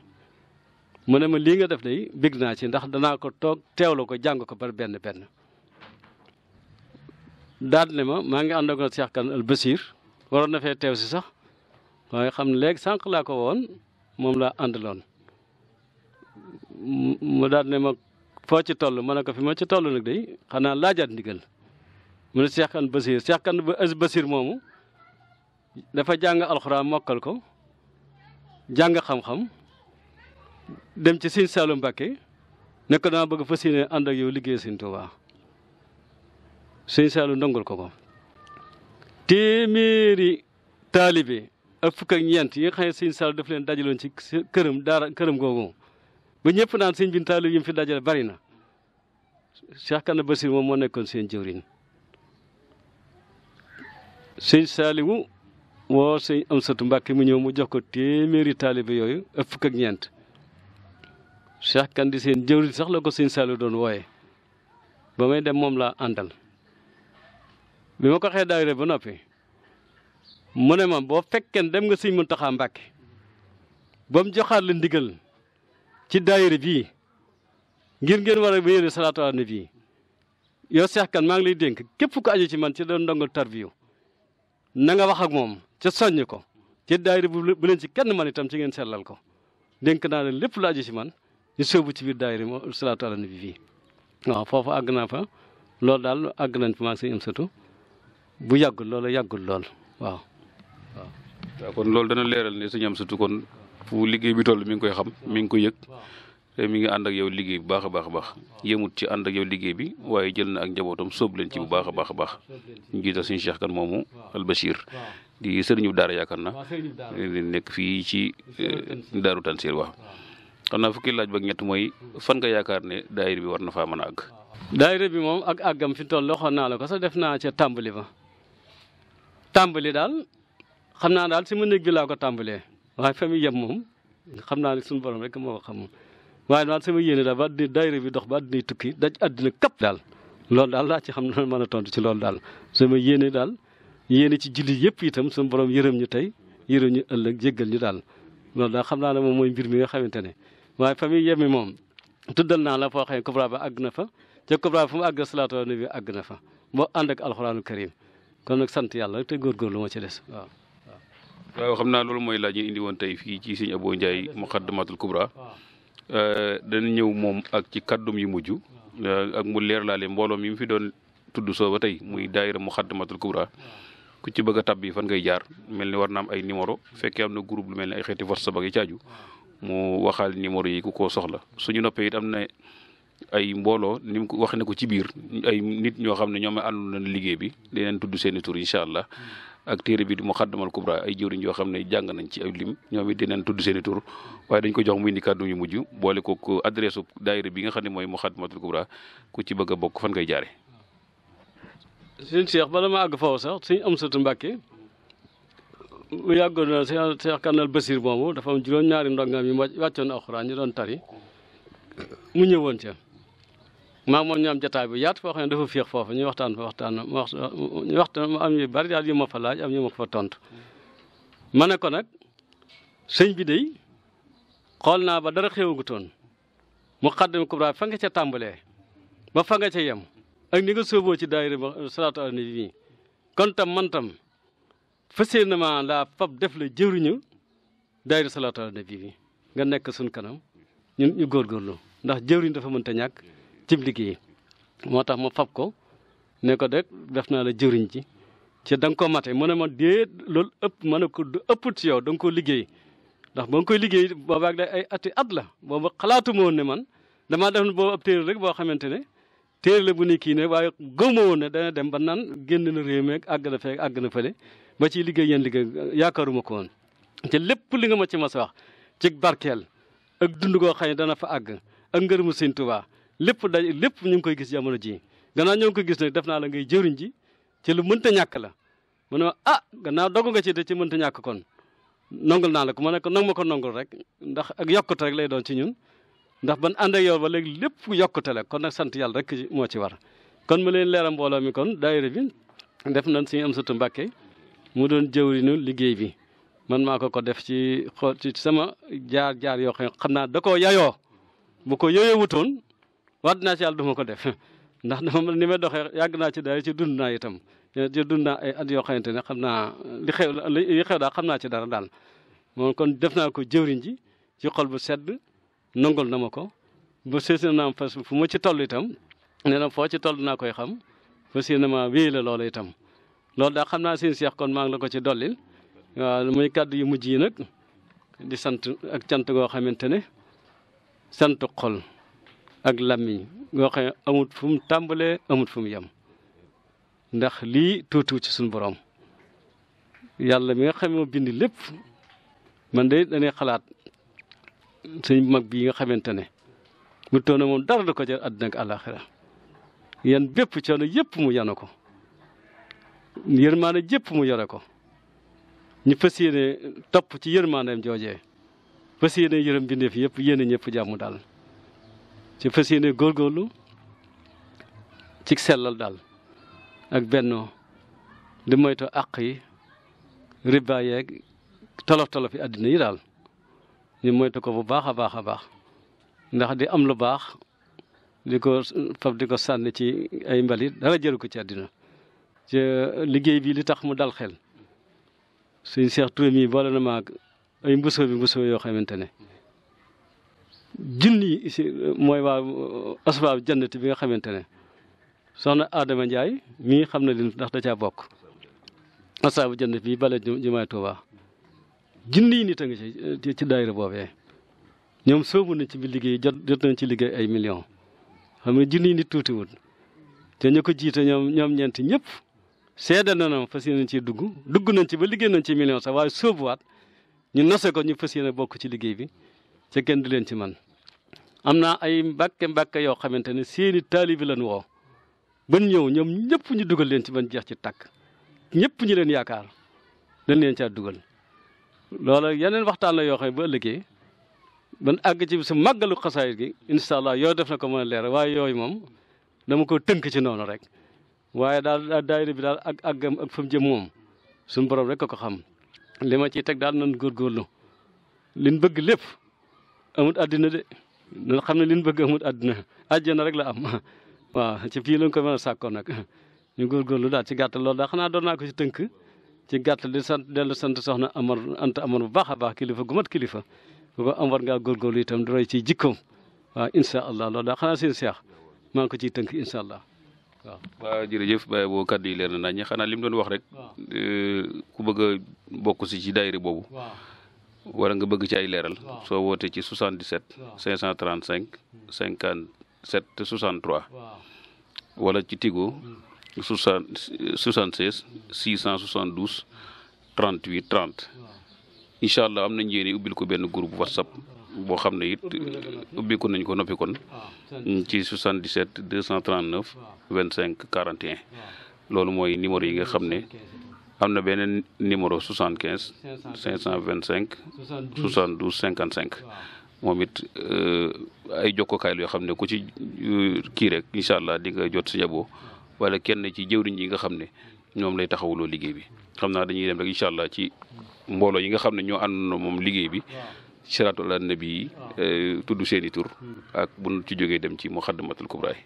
mu ne ma lii nga def day bég naa ci ndax danaa ko toog teewlu ko jàng ko par benn benn daat ne ma maa ngi ànd ak Cheikh Kan al Basir waroon na fee teew si sax waaye xam ne léegi sànq laa ko woon moom laa àndaloon mu daat ne ma foo ci toll ma ne ko fi ma ci toll nag day xanaa laajaat ndigal mu ne Cheikh Kan Basir Cheikh Kan moomu dafa jàng alxuraan mokkal ko jàng xam-xam dem ci sëñ Saalu Mbàkke ne ko dama bëgg fas yéene ak yow liggéey sëñ Tuubaa sëñ Saalu ndongul ko ko téeméeri taalibe ak fukk ak ñeent yi nga xam ne sëñ Saalu daf leen dajaloon ci këram daara këram googu ba ñëpp naan sëñ bi taalibe yi mu fi dajale bari na Cheikh Kanna Basir moom moo nekkoon seen jëwriñ sëñ Saaliwu woo am Amsatu Mbàkke mu ñëw mu jox ko téeméeri taalibe yooyu ëpp fukk ak ñeent Cheikh di seen jëwriñ sax la ko sëñ Saliou doon wooye ba may dem moom laa àndal bi ma ko xee daayira ba noppi mu ne ma boo fekkee dem nga sëñ Muntaxa Mbàkke ba mu joxaat la ndigal ci daayira bii ngir ngeen war a yéene salaatu ala nabi yow Cheikh maa ngi lay dénk képp ku aju ci man ci doon ndongo tarbiyu na nga wax ak moom ca soññ ko ci daayira bu leen ci kenn man itam ci ngeen sellal ko dénk naa leen lépp lu aju si man ñu sóobu ci biir daayira mo salaatu ala bi fii waaw foofu àgg naa fa lool daal àgg nañ fa maa ngi sëtu bu yàggul loolu yàggul lool waaw. kon loolu dana leeral ne suñu am sëtu kon fu liggéey bi tol mi ngi koy xam mi ngi koy yëg. mi ngi ànd ak yow liggéey bu baax a baax a baax yëmut ci ànd ak yow liggéey bi waaye jël na ak njabootam sóob leen ci bu baax a baax a baax ñu jiital suñu Cheikh kan moomu Albachir di sëriñu daara yaakaar na nekk fii ci eh, daaru Tansiir wax xam naa fukki laaj ba ñett mooy fan nga yaakaar ne daayira bi war na faa mën a àgg. bi moom ak àggam fi toll waxoon naa la ko sax def naa ca tàmbali ba tàmbali daal xam naa daal si ma néeg bi laa ko tàmbalee waaye fa mu moom xam naa ne suñu borom rek moo xam. waaye daal sama yéene daal ba àddina daayira bi dox ba àddina tukki daj àddina kap daal loolu daal la ci xam ne mën a tontu ci loolu daal sama yéene daal yéene ci jullit yëpp itam sama borom yërëm ñu tey yërëm ñu ëllëg jéggal ñu daal loolu daal xam naa ne moom mooy mbir mi nga xamante ne waaye fa muy yemi moom tuddal naa la foo xam ne Kubra ba àgg na fa te Kubra ba fu mu àgg salaatu nabi bi àgg na fa boo ànd ak alxuraanu karim kon nag sant yàlla te góorgóorlu moo ci des waaw. waaw xam naa loolu mooy laaj ñu indi tey fii ci Sëñ Abo Ndiaye Muqaddamatul Kubra Euh, dana ñëw moom ak ci kàddum yu mujj euh, ak mu leer laale mbooloo mi mu fi doon tudd soo ba tey muy daayira Muxaddamatul Kubra ku ci bëgg a tabbi fan ngay jaar mel ni war na am ay numéro fekkee am na groupe lu mel ni ay xeeti WhatsApp ak yi caaju mu waxaal numéro yi ku ko soxla suñu noppee it am na ay mbooloo ni mu ko wax ne ko ci biir ay nit ñoo xam ne ñoom àndoon nañ liggéey bi dinañ tudd seeni tur incha allah ak téere bi du di Muqaddimatul Kubra ay jëwriñ yoo xam ne jàng nañ ci ay lim ñoom it dinañ tudd seen i waaye dañ ko jox mu indi kàddu yu mujj boole ko adresse daayira bi nga xam ne mooy Muqaddimatul Kubra ku ci bëgg a bokk fan ngay jaare suñ Cheikh bala ma àgg foofu sax suñ Amsatu Mbàkke mu yàggoon na Cheikh Cheikh Kanal Basir moomu dafa am juróom-ñaari ndongaam yi na alxuraan ñu doon tari mu ñëwoon ca maa moom ñu am jotaay bu yaatu foo xam ne dafa féex foofu ñu waxtaan fa waxtaan ma wax waxtaan ma am yu bari daal yu ma fa laaj am yu ma fa tontu. ma ne ko nag sëñ bi de xool naa ba dara toon mu xaddam kubra fa nga ca tàmbalee ba fa nga ca yem ak ni nga sóoboo ci daayira ba salaatu ala nabi nii tam man tam fas yéene ma fab def la jëriñu daayira salaatu ala nabi bi nga nekk suñ kanam ñun ñu góorgóorlu ndax jëriñ dafa mënta ñàkk. cim liggéey moo tax ma fab ko ne ko dek def naa la jëriñ ji ci danga nga ko mate mu ne ma déet loolu ëpp ma ne ko du ëpput ci yow da nga koo liggéey ndax ba nga koy liggéey boobaag day ay ati at la booba xalaatu ma ne man damaa def boobu ab téere rek boo xamante ne téere la bu ne kii ne waaye gëmma woon ne dana dem ba naan génn na réew meeg àgg na fee àgg na fële ba ciy liggéey yéen liggéey yaakaaruma ko woon te lépp li nga ma ci mas wax ci barkeel ak dund goo xam dana fa àgg ak ngërëmu Sëñ Tuubaa lépp da lépp ñu ngi koy gis jamono jii gannaaw ñoo ngi koy gis nag def naa la ngay jëriñ ji ci lu mënta ñàkk la mu ne ah gannaaw dogu nga ci de ci mënta ñàkk kon nongul naa la ko ma ne ko ma ko nongul rek ndax ak yokkut rek lay doon ci ñun ndax ban ànd ak yow ba léegi lépp yokkute la kon nag sant yàlla rek moo ci war kon ma leen leeral mbooloo mi kon daayira bi def nañ si am satu mbàkke mu doon jëwriñu liggéey bi man maa ko ko def ci ci sama jaar jaar yoo xam naa da koo yayoo bu ko yayoo waat naa ci yàlla du ko def ndax dama ni may doxee yàgg naa ci daal ci dund naa itam ci dund naa ay yoo xamante ne xam naa li xew li xew daal xam naa ci dara daal moom kon def naa ko jëwriñ ji ci xol bu sedd nangul na ma ko ba séesee naa fas fu ma ci toll itam nee na foo ci toll naa koy xam fas yéene ma wéy la loola itam loolu daal xam naa seen seex kon maa la ko ci dollil waaw muy kàddu yu mujj yi di sant ak cant goo xamante ne sant xol ak làmmiñ goo xam ne amut fum mu tàmbalee amut fu mu yem ndax lii tuutiwu ci suñu borom yàlla mi nga xame ne moo bind lépp man de dañuy xalaat sëñ mag bii nga xamante ne bu toona moom dara du ko jar àddina ak àllaaxira yan bépp coono yëpp mu yana ko yërmaane jëpp mu yore ko ñu fas yéene topp ci yërmaaneem joojee fas yéene yërëm bindeef yëpp yéene ñëpp jàmm daal ci fas yéene góorgóorlu ci sellal daal ak bennoo di moytu àq yi riba yeeg tolof tolof yi àddina yi daal ñu moytu ko bu baax a baax a baax ndax di am lu baax di ko fab di ko sànni ci ay mbalit dara jëru ko ci àddina liggéey bi li tax mu dal xel suñ seex turam yi boole na maag ay mbusoo bi mbusoo yoo xamante ne junni si mooy waa uh, asbaab jannati bi nga xamante ne soxna Adama Ndiaye mii xam na leen ndax da caa bokk asbaabu jannati bi bala jumaay Tuuba junni nit a nga ci ci daayira boobee ñoom soobu nañ ci bi liggéey jot jot nañ ci liggéey ay millions xam nga junni nit tuutiwul te ñu ko jiite ñoom ñoom ñeenti ñëpp seede na ñoom fas yéene ciy dugg dugg nañ ci ba liggéey nañ ci millions sax waaye soobuwaat ñu nase ko ñu fas yéene bokk ci liggéey bi. ca kenn du leen ci man am naa ay mbàkke mbàkke yoo xamante ne seeni taalibi lañ woo ban ñëw ñoom ñëpp ñu dugal leen ci man jeex ci tàkk ñëpp ñu leen yaakaar dañ leen caa dugal loola yeneen waxtaan la yoo xam ne ba ëllëgee ban àgg ci su màggalu xasaayit gi incha allah yoo def na ko mën a leer waaye yooyu moom dama koo tënk ci noonu rek waaye daal daayira bi daal ak àggam ak fa mu jëm moom suñu borom rek a ko xam li ma ciy teg daal nan góorgóorlu liñ bëgg lépp amut àddina de na xam ne li ñu bëgg amut àddina àjjana rek la am waaw ci fii lañ ko mën a sàkkoo nag daal ci gàttal lool da xanaa doon naa ko ci tënk ci gàttal di sant dellu sant soxna Amar Anta Amar bu baax a baax kilifa gu mat kilifa bu ko am war ngaa góorgóorlu tam di ci jikkoom waaw incha allah loolu daal xanaa seen maa ngi ko ciy tënk incha allah waaw. waaw jërëjëf Baye boo kaddu yi leer na nañ xanaa li doon wax rek. Eh, ku bëgg a bokk si ci daayira boobu. wala nga bëgg ci ay leeral soo wootee ci 77 535 57 63 wala ci Tigo 76 672 38 30 incha allah am nañ yéene ubbil ko benn groupe whatsapp boo xam ne it ubbi ko nañ ko noppi kon hmm, ci 77 239 25 41 loolu mooy numéro yi nga xam ne am na beneen numéro 75. 525 72 55. moom it euh, ay jokkokaay la yoo xam ne ku ci euh, kii rek incha allah di jot si jaboo wala kenn ci jëwriñ yi nga xam ne ñoom lay taxawuloo liggéey bi xam naa dañuy dem rek incha allah ci mbooloo yi nga xam ne ñoo àndoon moom liggéey bi. siraatul annabi yi euh, tudd seeni tur. Hmm. ak bu ñu ci jógee dem ci muxaddamatul kubraay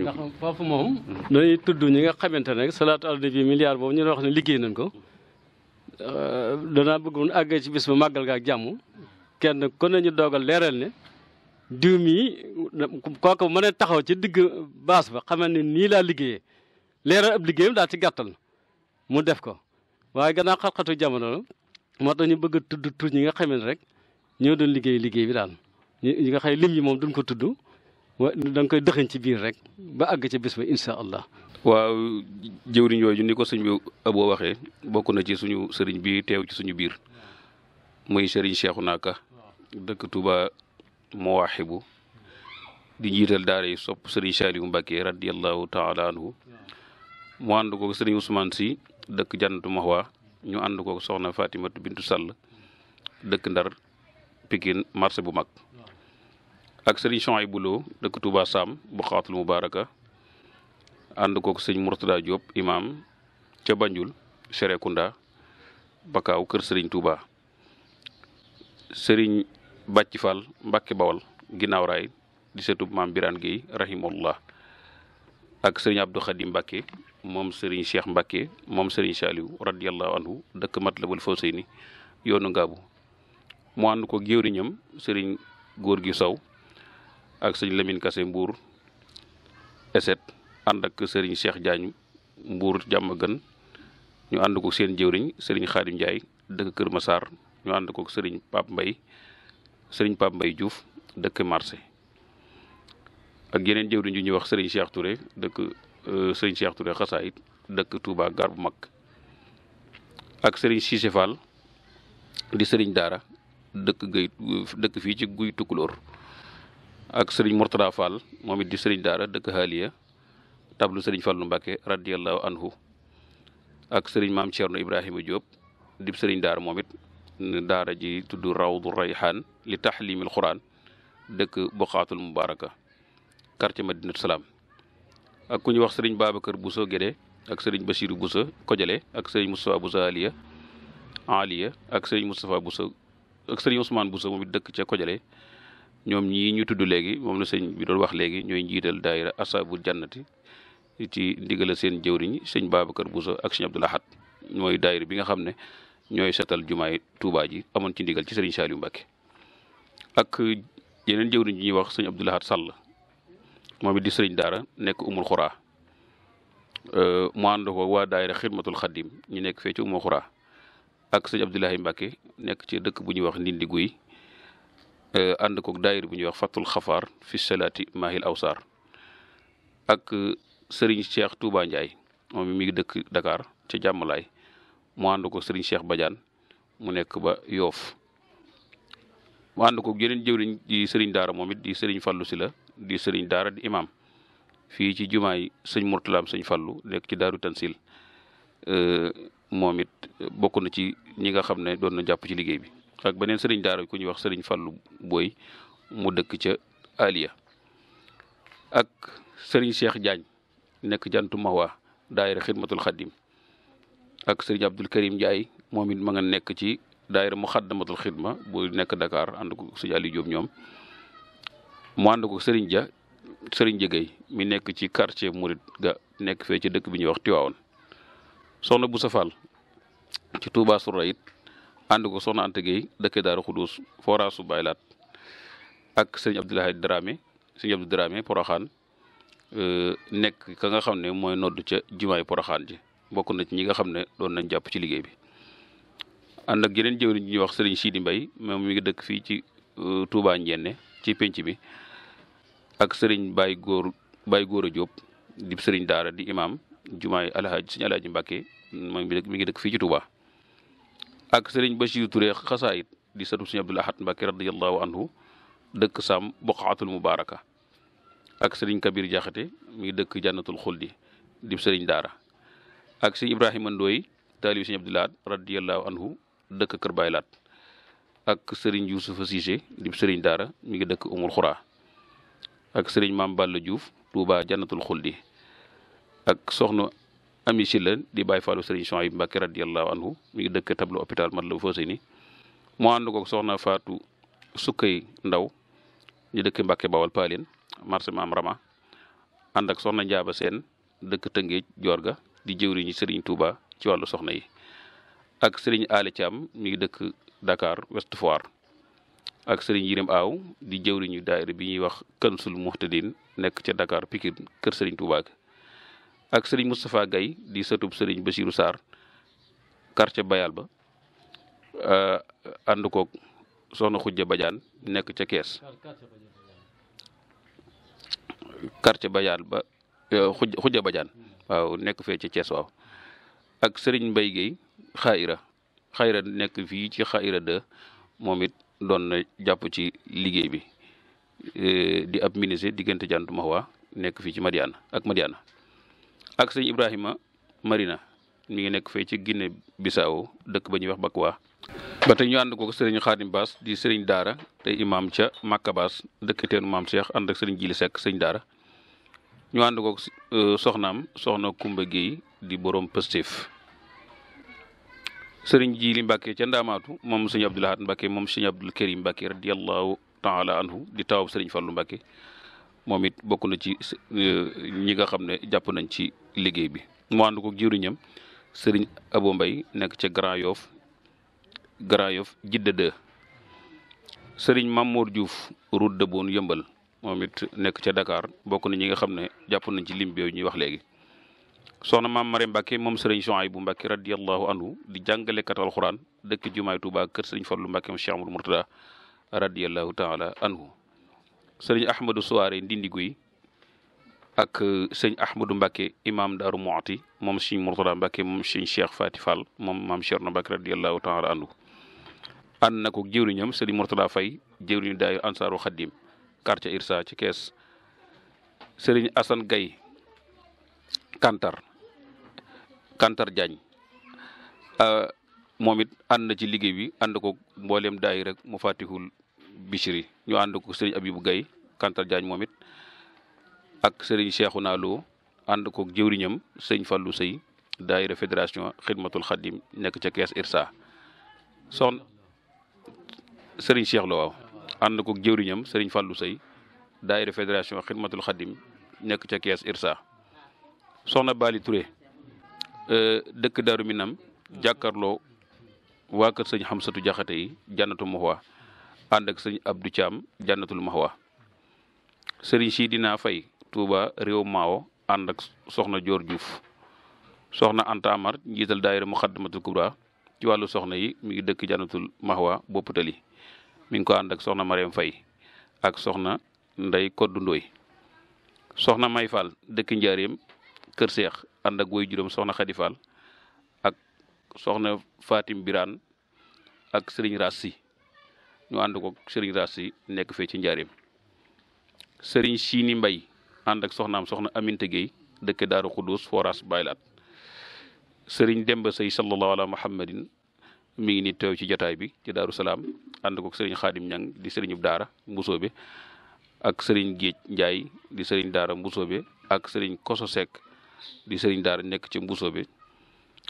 ndax foofu moom dañuy tudd ñi nga xamante ne salaatu ala nabi milliard boobu ñu ne wax ne liggéey nañ ko euh, danaa bëggoon àggee ci bis mu màggal ga ak jàmm kenn ko ne ñu doogal leeral ne diw mii kooku mën a taxaw ci digg baas ba xamal ne nii laa liggéeyee leeral ab liggéeyam daal ci gàttal mu def ko waaye gannaaw xat-xatu jamono la moo tax ñu bëgg a tudd tudd ñi nga xamante rek ñoo doon liggéey liggéey bi daal ñi nga xay lim yi moom duñ ko tudd wa da nga koy dëxañ ci biir rek ba àgg ca bis ba incha allah. waaw jëwriñ yooyu ni ko sëñ bi aboo waxee bokk na ci suñu sëriñ bi teew ci suñu biir muy sëriñ Cheikhouna Ka dëkk Touba Mawaahibu di jiital daara yi sopp sëriñ Saliou Mbacké radiyallahu taala anhu mu ànd ko sëriñ Ousmane si dëkk Jannatu Mahwa ñu ànd ko soxna Fatimatu Bintu Sall dëkk Ndar Pikine marché bu mag ak sëriñ Chouaïb Bulo dëkk Touba Sam bu xaatul mubaaraka ànd kook sëñ Mourtada Diop imam ca Banjul Serekunda Bakaaw kër sëriñ Touba sëriñ Bàcci Fall Mbàkke Bawal ginnaaw raay di setub maam Birane Gueye rahimahullah ak sëriñ Abdou Khadim Mbàkke moom sëriñ Cheikh Mbàkke moom sëriñ Saliou radiyallahu anhu dëkk Matlabul Fawseyni yoonu Ngaabu mu ànd ko géwriñam sëriñ góor gi Sow ak sëñ lemin Kase mbuur eset ànd ak sëriñ Cheikh Diagne mbuur jàmm gën ñu ànd ko seen jëwriñ sëriñ Xaadim Ndiaye dëkk Kër Massar ñu ànd ko sëriñ Pape mbay sëriñ Pape mbay Diouf dëkk marché ak yeneen jëwriñ yu ñuy wax sëriñ seex Touré dëkk euh, sëriñ Cheikh Touré xasaayit dëkk Touba gar bu mag ak sëriñ Cissé Fall di sëriñ Daara dëkk gay dëkk fii ci guy Tukulóor ak sëriñ Mourtada Fall moom it di sëriñ daara dëkk Haaliya tablu sëriñ Fallu Mbàkke radiyallahu anhu ak sëriñ maam Thierno Ibrahima Diop di sëriñ daara moom it daara ji tudd Rawdu Rayhaan li taxlimil Quraan dëkk Boqaatul Mubaaraka quartier Madinatu Salaam ak ku ñuy wax sëriñ Babacar Bousso Guédé ak sëriñ Bachirou Bousso Kojale ak sëriñ Moustapha Bousso Aliya Aliya ak sëriñ Moustapha Bousso ak sëriñ Ousmane Bousso moom it dëkk ca Kojale ñoom ñii ñu tudd léegi moom la sëñ bi doon wax léegi ñooy njiital daayira asaabul jannati ci ndigal seen jëwriñ sëñ Babacar Bousso ak sëñ Abdoul mooy daayira bi nga xam ne ñooy seetal jumaay Touba ji amoon ci ndigal ci sëriñ Saliou Mbacké ak yeneen jëwriñ yi ñuy wax sëñ Abdoul Ahad Sall moom it di sëriñ daara nekk umul xuraa waa daayira xidmatul xaddim ñu nekk fee ci ak sëñ Abdoulahi Mbacké nekk ci dëkk bu ñuy wax ndindi guy Eh, ànd koog daayir bu ñuy wax fatul xafaar fi salaati mahil awsaar ak eh, sëriñ Cheikh Touba Ndiaye moom mi ngi dëkk Dakar ca jàmmalaay mu ànd ko sëriñ Cheikh Badiane mu nekk ba yoof mu ànd ko yeneen jëwriñ di sëriñ daara moom it di sëriñ Fallou si la di sëriñ daara di imam fii ci jumaay sëñ Mourtalaam sëñ Fallou nekk ci daaru Tansil eh, moom it bokk na ci ñi nga xam ne doon na jàpp ci liggéey bi ak beneen sëriñ daara ku ñuy wax sëriñ Fallu Booy mu dëkk ca Aliya ak sëriñ Cheikh Diagne nekk jantu Mawa daayira xidmatul xaddim ak sëriñ Abdul Karim Ndiaye moom it ma nga nekk ci daayira muxaddamatul xidma bu nekk Dakar ànd ko sëriñ Aliou Diop ñoom mu ànd ko sëriñ ja sëriñ Jëgay mi nekk ci quartier Murid ga nekk fee ci dëkk bi ñuy wax Tiwaawoon soxna bu safal ci Touba Sourayit ànd ko soxna Anta Gueye dëkk Daaru Xuduus forage su Baylaat ak sëñ Abdoulaye Dramé sëñ Abdou Dramé Poroxaan euh, nekk ka nga xam ne mooy noddu ca jumaay Poroxaan ji bokk na ci ñi nga xam ne doon nañ jàpp ci liggéey bi. ànd ak yeneen jëwriñ ñuy wax sëriñ siidi Mbay moom mi ngi dëkk fii ci euh, Touba Njenne ci pénc bi ak sëriñ Baye Góor Baye Góor a Diop di di imam jumaay Alhaji sëñ Alhaji ak sëriñ Bachir Touré xasaayit di sëtu sëriñ Abdul Ahad Mbàkke radiyallahu anhu dëkk Saam Boqaatul Mubaaraka ak sëriñ Kabir Jaxate ngi dëkk Jannatul Xuldi di sëriñ Daara ak sëriñ Ibrahima Ndooy taalibi sëriñ Abdul Ahad anhu dëkk Kër Baay Laat ak sëriñ Yuusufa Siise di sëriñ Daara mu ngi dëkk Umul Xuraa ak sëriñ Maam Balla Diouf Tuubaa Jannatul Xuldi ak soxna ami si la di bàyyi faalu sëriñ Souhaïbou Mbacké radiyallahu anhu mi ngi dëkk tableau hôpital Matlaboul ni moo ànd koog soxna Faatu Sukkay Ndaw ñu dëkk Mbacké Bawol Paalin marché Maam Rama ànd ak soxna Njaaba Seen dëkk Tëngéej Joor ga di jëwriñu sëriñ Touba ci wàllu soxna yi ak sëriñ Ali Thiam mi ngi dëkk dakaar West Foire ak sëriñ Yirim Aaw di jëwriñu daayira bi ñuy wax Kansul Muhtadin nekk ca dakaar Pikine kër sëriñ Touba ak sëriñ Moustapha Gaye di sëtub sëriñ ba Bachirou Sarr quartier Bayal ba euh, ànd koog soxna Xujja Badiane nekk ca kees quartier Bayal ba euh, nekk fee ci Thiès waaw ak sëriñ mbay Guèye xaayira xaayira nekk fii ci xaayira de moom it doon na jàpp ci liggéey bi euh, di ab ministre diggante jantu Mahwa nekk fii ci Madiana ak Madiana ak sëñ Ibrahima Marina mi ngi nekk fa ci Guinée Bissau dëkk ba ñuy wax Bakwa. ba tey ñu ànd ko sëriñ Xaadim Baas di sëriñ Daara te imaam ca Makka Baas dëkk teenu maam Cheikh ànd ak sëriñ Jili Seck sëñ Daara ñu ànd ko euh, soxnaam soxna Kumba Guèye di borom Pastef. sëriñ Jili Mbacke ca Ndaamaatu moom sëñ Abdou Lahad Mbacke moom sëñ Abdul Karim Mbacke radiyallahu taala anhu di tawab sëriñ Fallou Mbacke moom it bokk na ci euh, ñi nga xam ne jàpp nañ ci. liggéey bi mu ànd ko jëriñam sëriñ Abo Mbay nekk ca Grand Yoff Grand Yoff Jidda 2 sëriñ Mamour Diouf route de Boune yëmbal moom it nekk ca dakaar bokk na ñi nga xam ne jàpp nañ ci lim bi ñuy wax léegi. soxna mam Mari Mbacke moom sëriñ Soay bu Mbacke radiyallahu anhu di jàngalekat alxuraan dëkk Jumaay Touba kër sëriñ Fallu Mbacke mu Cheikh Amadou Murtada radiyallahu taala anhu sëriñ Ahmadou Souare Ndindi Guy ak euh, sëñ Ahmadou Mbacke imam Daaru Muxti moom sëñ Mourtada Mbacke moom sëñ Cheikh Fati Fall moom maam Cheikh na Mbacke radiyallahu taala anhu ànd na ko jëwriñam sëriñ Mourtada Faye jëwriñu daayu Ansaaru Xaddim quartier Irsa ci kees sëriñ Assane Gaye Kantar Kantar Diagne euh, moom it ànd na ci liggéey bi ànd ko mbooleem daay rek mu fatihul Bichri ñu ànd ko sëriñ Abibou Gaye Kantar Diagne moom ak sëriñ Cheikhouna Lo ànd koog jëwriñam sëñ Fallou Sey daayira fédération xidmatul nekk ca kees IRSA soxna sëriñ Cheikh Lo jëwriñam sëriñ Fallou Sey daayira fédération xidmatul xadim nekk ca kees IRSA soxna Bali Touré euh, dëkk Daaru Minam jàkkaarloo waa kër sëñ Xamsatu Jaxate yi jànnatu Mahwa ànd ak sëñ Abdou Thiam jànnatul Mahwa sëriñ Sidina Faye Touba réew Maawo ànd ak soxna Dior juuf soxna Anta Amar njiital daayira Muxaddamatul Kubra ci wàllu soxna yi mu ngi dëkk Janatul Mahwa bopp tali mi ngi ko ànd ak soxna Mariam fay ak soxna Ndey Koddu Ndooy soxna May dëkk Njaareem Kër Seex ànd ak woy juróom soxna Xadi ak soxna faatim Birane ak Serigne Rassi ñu ànd ko Serigne Rassi nekk fee ci Njaareem Serigne Siini Mbay ànd ak soxnaam soxna aminte Gueye dëkk Daaru Xudus Foras Baylaat sëriñ Demba Sey sallallahu ala muhammadin mu ngi ni teew ci jataay bi te Daaru Salaam ànd ko sëriñ Xaadim Ñang di sëriñub Daara Mbusoobe ak sëriñ Géej Njaay di sëriñ Daara Mbusoobe ak sëriñ Koso Sekk di sëriñ Daara nekk ci Mbusoobe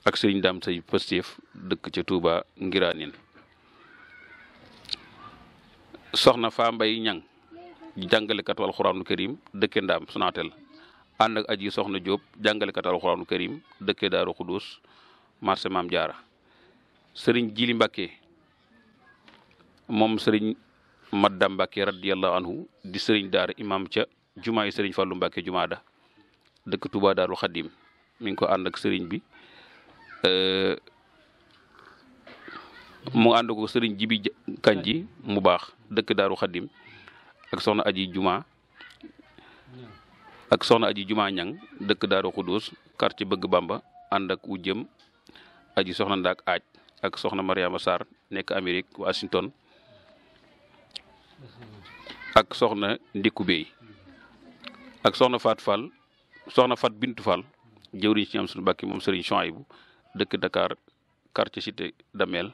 ak sëriñ Daam Sey Pastef dëkk ca tuuba Ngiraanin soxna Faa jàngalekatu alxuraanu karim dëkke ndaam Sonatel ànd ak aji soxna Diop jàngalekatu alxuraanu karim dëkke Daaru Xudus marché Maam Jaara sëriñ Jili Mbàkke moom sëriñ Madda Mbàkke radiyallahu anhu di sëriñ daara imam ca jumaa yi sëriñ Fàllu Mbàkke jumaada dëkk Touba Daaru Xadim mi ngi ko ànd ak sëriñ bi eh, mu ànd ko sëriñ Jibi Kanji mu baax dëkk Daaru Xadim ak soxna aji juma ak soxna aji ñang dëkk daaru xudóos quartier bëgg bamba ànd wu jëm aji soxna ndaak aaj ak soxna mariama sarr nekk amérique washington ak soxna ndikku bey ak soxna faat fall soxna faat bintu fall jëwriñ si am suñu bàkki moom sëriñ Chouaïbou dëkk dakar quartier cité damel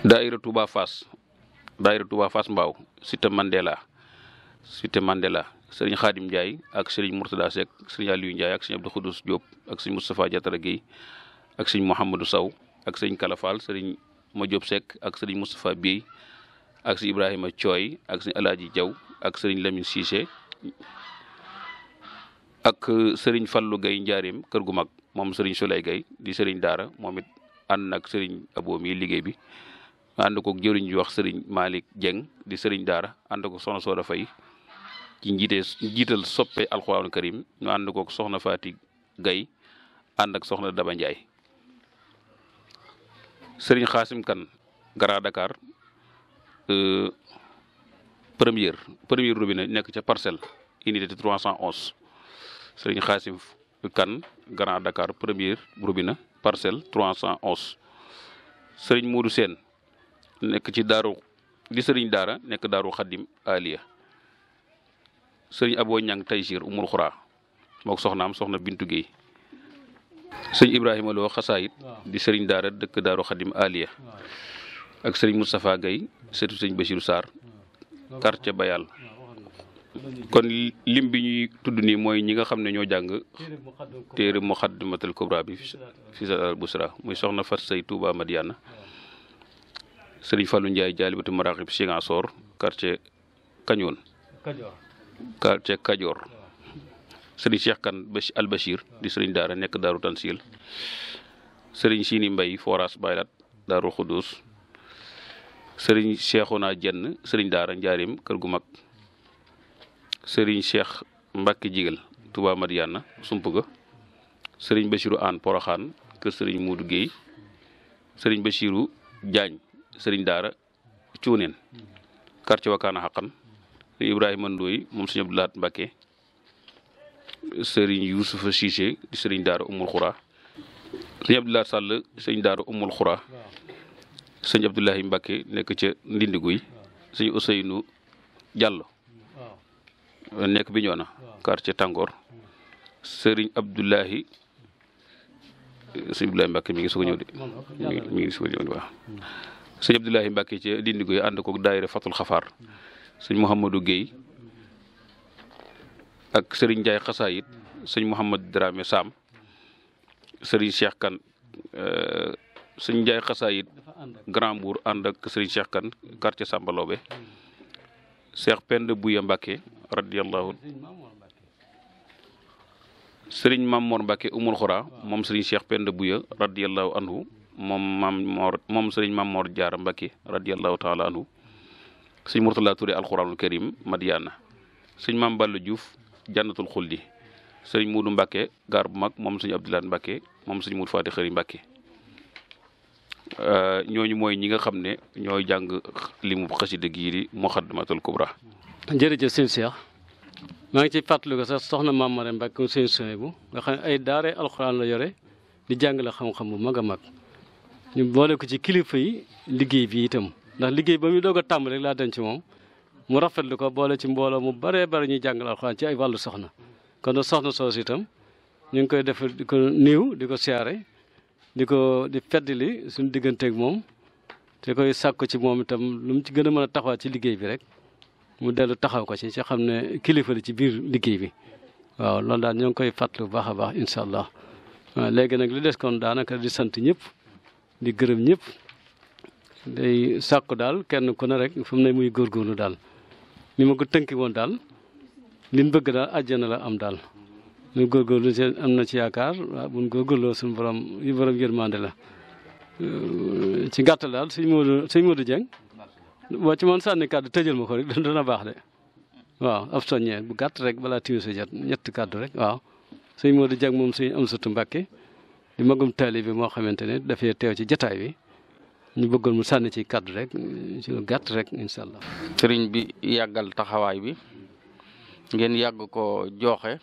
Daayira Touba Fass Daayira Touba Fass Mbaaw Cité Mandela Cité Mandela sëriñ Xaadim Ndiaye ak sëriñ Mourtada Seck sëriñ Aliou Ndiaye ak sëriñ Abdou Khoudous Diop ak sëriñ Moustapha Diatara Guèye ak sëriñ Mouhamadou Sow ak sëriñ Kalafal sëriñ Madiop Seck ak sëriñ Moustapha Bieye ak sëriñ Ibrahima Thioy ak sëriñ Alaaji Diaw ak sëriñ Lamine Cissé ak sëriñ Fallou Guèye Ndiarème kër gu mag moom sëriñ Souley Guèye di sëriñ Daara moom it ànd nag sëriñ Abo liggéey bi. nga ànd koog jëriñ ju wax sëriñ Malick Dieng di sëriñ daara ànd ko soxna Soda Faye ci njiite njiital soppe alxuraan karim ñu ànd koog soxna Fati Gaye ànd ak soxna Daba Ndiaye sëriñ Xaasim Kan Grand Dakar euh, première première robinet nekk ca parcelle unité 311 sëriñ Xaasim Kan Grand nekk ci daaru di sëriñ daara nekk daaru xaddim aliya sëriñ aboo ñang taysir umul xuraa mook soxnaam soxna bintu géey sëñ ibrahima loo xasaayit di sëriñ daara dëkk daaru xaddim aliya ak sëriñ moustapha gay sëtu sëñ basiru sarr quartier bayal kon lim bi ñuy tudd nii mooy ñi nga xam ne ñoo jàng téere muqaddimatul kubra bi fi sa busra muy soxna fat say touba madiana sëriñ falu Ndiaye jaalibatu maraaxib Ziguinchor quartier Kañoon quartier Kajoor sëriñ Cheikh Kane Al di sëriñ daara nekk daaru Tansil sëriñ Sini Mbay Foras Baylat daaru Xudus sëriñ Cheikhouna Jenn sëriñ daara Njaarim kër gu mag sëriñ Cheikh Mbacke Jigal Touba Madiana Sumpuga sëriñ Bachirou Aan Poroxaan kër sëriñ Muudu Géey sëriñ Bachirou Jaañ sëriñ daara cuuneen quartier wakaana xaqan ibrahima sëriñ abdou lahat mbàkke sëriñ yuusufa siise sëriñ daara umul sëriñ abdou lahat sàll sëriñ daara umul xuraa sëriñ abdoulahi mbàkke nekk ca ndindiguy sëriñ useynu jàllo nekk bi ñoo na tàngoor sëriñ abdoulahi sëriñ mi ngi soog a ñëw de mi ngi soog a ñëw de waaw sëñ Abdoulahi Mbacke ci dindi ko yi ànd ko Fatul Xafaar sëñ Mouhamadou Guèye ak sëriñ Ndiaye Xasaayit sëñ Mouhamad Dramé Sam sëriñ Cheikh Kan euh, sëñ Ndiaye Xasaayit Grand Mbour ànd ak sëriñ Cheikh Kan quartier Samba Lobé Cheikh Penda Bouya Mbacke radiyallahu sëriñ Mamoor Mbacke Umul Xura moom sëriñ Cheikh Penda Bouya radiyallahu anhu moom maam Mor moom sëriñ maam Mor Jaara Mbacke radiallahu taala anhu sëñ Murtala Touré alquranul karim Madiana sëñ maam Balla Diouf jannatul xuldi sëriñ Muudu Mbacke gaar bu mag moom sëñ Abdoulaye Mbacke moom sëñ Muudu Faati Xëri Mbacke euh, ñooñu mooy ñi nga xam ne ñoo jàng limu xasida gii di Muxaddamatul Kubra. jërëjëf sëñ Cheikh maa ngi ciy fàttaliku sax soxna maam Mare Mbacke sëñ Cheikh bu nga xam ne ay daare alquran la yore di jàngale xam-xam mag a mag. ñu boole ko ci kilifa yi liggéey bi itam ndax liggéey ba muy doog a tàmbali rek laa denc moom mu rafetlu ko boole ci mbooloo mu baree bari ñuy jàngal alxuraan ci ay wàllu soxna kon soxna soos itam ñu ngi koy def di ko niiw di ko siyaare di ko di feddali suñu digganteeg moom te koy sàkku ci moom itam lu mu ci gën a mën a taxawaat ci liggéey bi rek mu dellu taxaw ko ci ci xam ne kilifa li ci biir liggéey bi waaw loolu daal ñoo ngi koy fàttali bu baax a baax incha allah léegi nag li des kon daanaka di sant ñëpp. di gërëm ñépp day sàkku daal kenn ku ne rek fu mu ne muy góorgóorlu daal ni ma ko tënki woon daal liñ bëgg daal àjjana la am daal muy góorgóorlu seen am na ci yaakaar waaw buñ góorgóorloo suñ borom yu borom yërmande la euh, ci gàttal daal sëñ Modou sëñ Modou Dieng boo ci man sànni kàddu tëjal ma ko rek dana baax de waaw ab soññee bu gàtt rek balaa tiwi sa jot ñetti kàddu rek waaw sëñ Modou Dieng moom sëñ am sutu Mbàkke di magum bi moo xamante ne dafay teew ci jataay bi ñu bëggoon mu sànni ci kàddu rek ci lu gàtt rek incha allah. sëriñ bi yàggal taxawaay bi ngeen yàgg ko joxe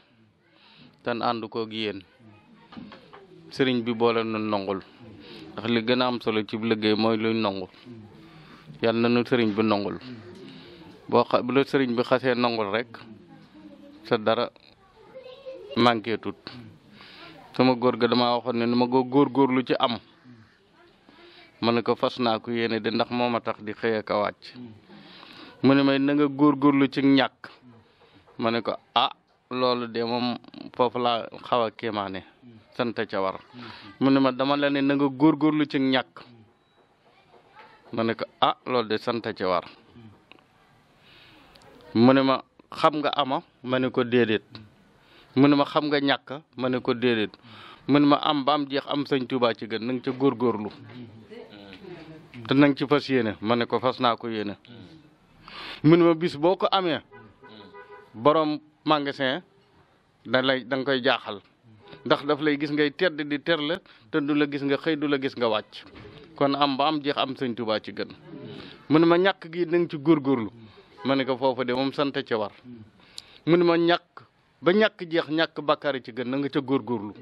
tan ànd koog sëriñ bi boole nu nongul ndax gën a am solo ci liggéey mooy luy nongu yàlla na nu sëriñ bi nongul boo xa bu la sëriñ bi xasee nongul rek sa dara manqué tut sama góor ga damaa waxoon ne nu ma ko góorgóorlu ci am ma ne ko fas naa ko yéene de ndax moo ma tax di xëy ka a wàcc mu ne may na nga góorgóorlu ci ñàkk ma ne ko ah loolu de moom foofu laa xaw a kéemaane sant ca war ne ma dama la ne na nga góorgóorlu ci ñàkk ma ne ko ah, loolu de sant ca war mu ne ma xam nga ama ma ne ko déedéet mu ne ma xam nga ñàkk ma ne ko déedéet mu ma am mbaam jeex am sëñ Tuubaa ci gën na ca góorgóorlu te na ci fas yéene ma ne ko fas naa ko yéene mu ma bis boo ko amee borom magasin da lay da koy jaaxal ndax daf lay gis ngay tedd di ter la te du la gis nga xëy du la gis nga wàcc kon am ba am jeex am ci gën mu ne ma ñàkk gi na nga ci góorgóorlu ma ne ko foofu de moom sant ci war mu ma ñàkk ba ñàkk jeex ñàkk bàkkaar ci gën na nga ca góorgóorlu